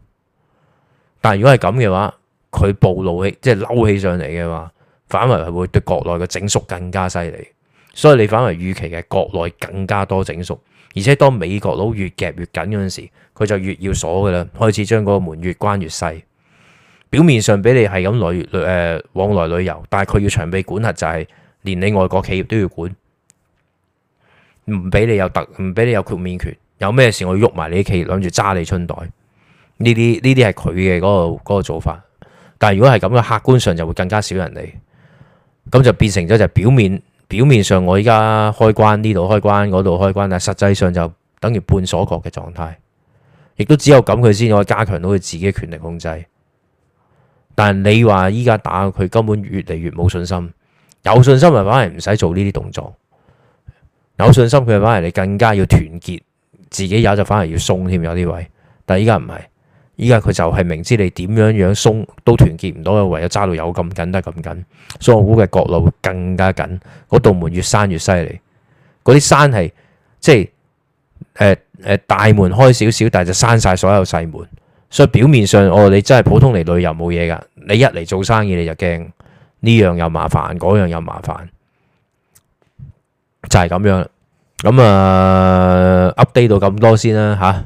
但如果係咁嘅話，佢暴露起即係嬲起上嚟嘅話，反為係會對國內嘅整肅更加犀利，所以你反為預期嘅國內更加多整肅，而且當美國佬越夾越緊嗰陣時，佢就越要鎖噶啦，開始將嗰個門越關越細。表面上俾你係咁來誒往來旅遊、呃，但係佢要長臂管轄就係連你外國企業都要管，唔俾你有特唔俾你有豁免權，有咩事我要喐埋你啲企業，諗住揸你春袋。呢啲呢啲係佢嘅嗰個嗰個做法，但係如果係咁嘅，客觀上就會更加少人嚟，咁就變成咗就表面表面上我依家開關呢度開關嗰度開關，但係實際上就等於半鎖國嘅狀態，亦都只有咁佢先可以加強到佢自己嘅權力控制。但係你話依家打佢根本越嚟越冇信心，有信心咪反而唔使做呢啲動作，有信心佢咪反而你更加要團結，自己有就反而要鬆添有啲位，但係依家唔係。依家佢就係明知你點樣樣鬆都團結唔到，唯有揸到有咁緊得咁緊，所以我估嘅各路更加緊，嗰道門越閂越犀利，嗰啲山係即係誒誒大門開少少，但係就閂晒所有細門，所以表面上哦，你真係普通嚟旅遊冇嘢㗎，你一嚟做生意你就驚呢樣又麻煩，嗰樣又麻煩，就係、是、咁樣，咁啊 update 到咁多先啦嚇。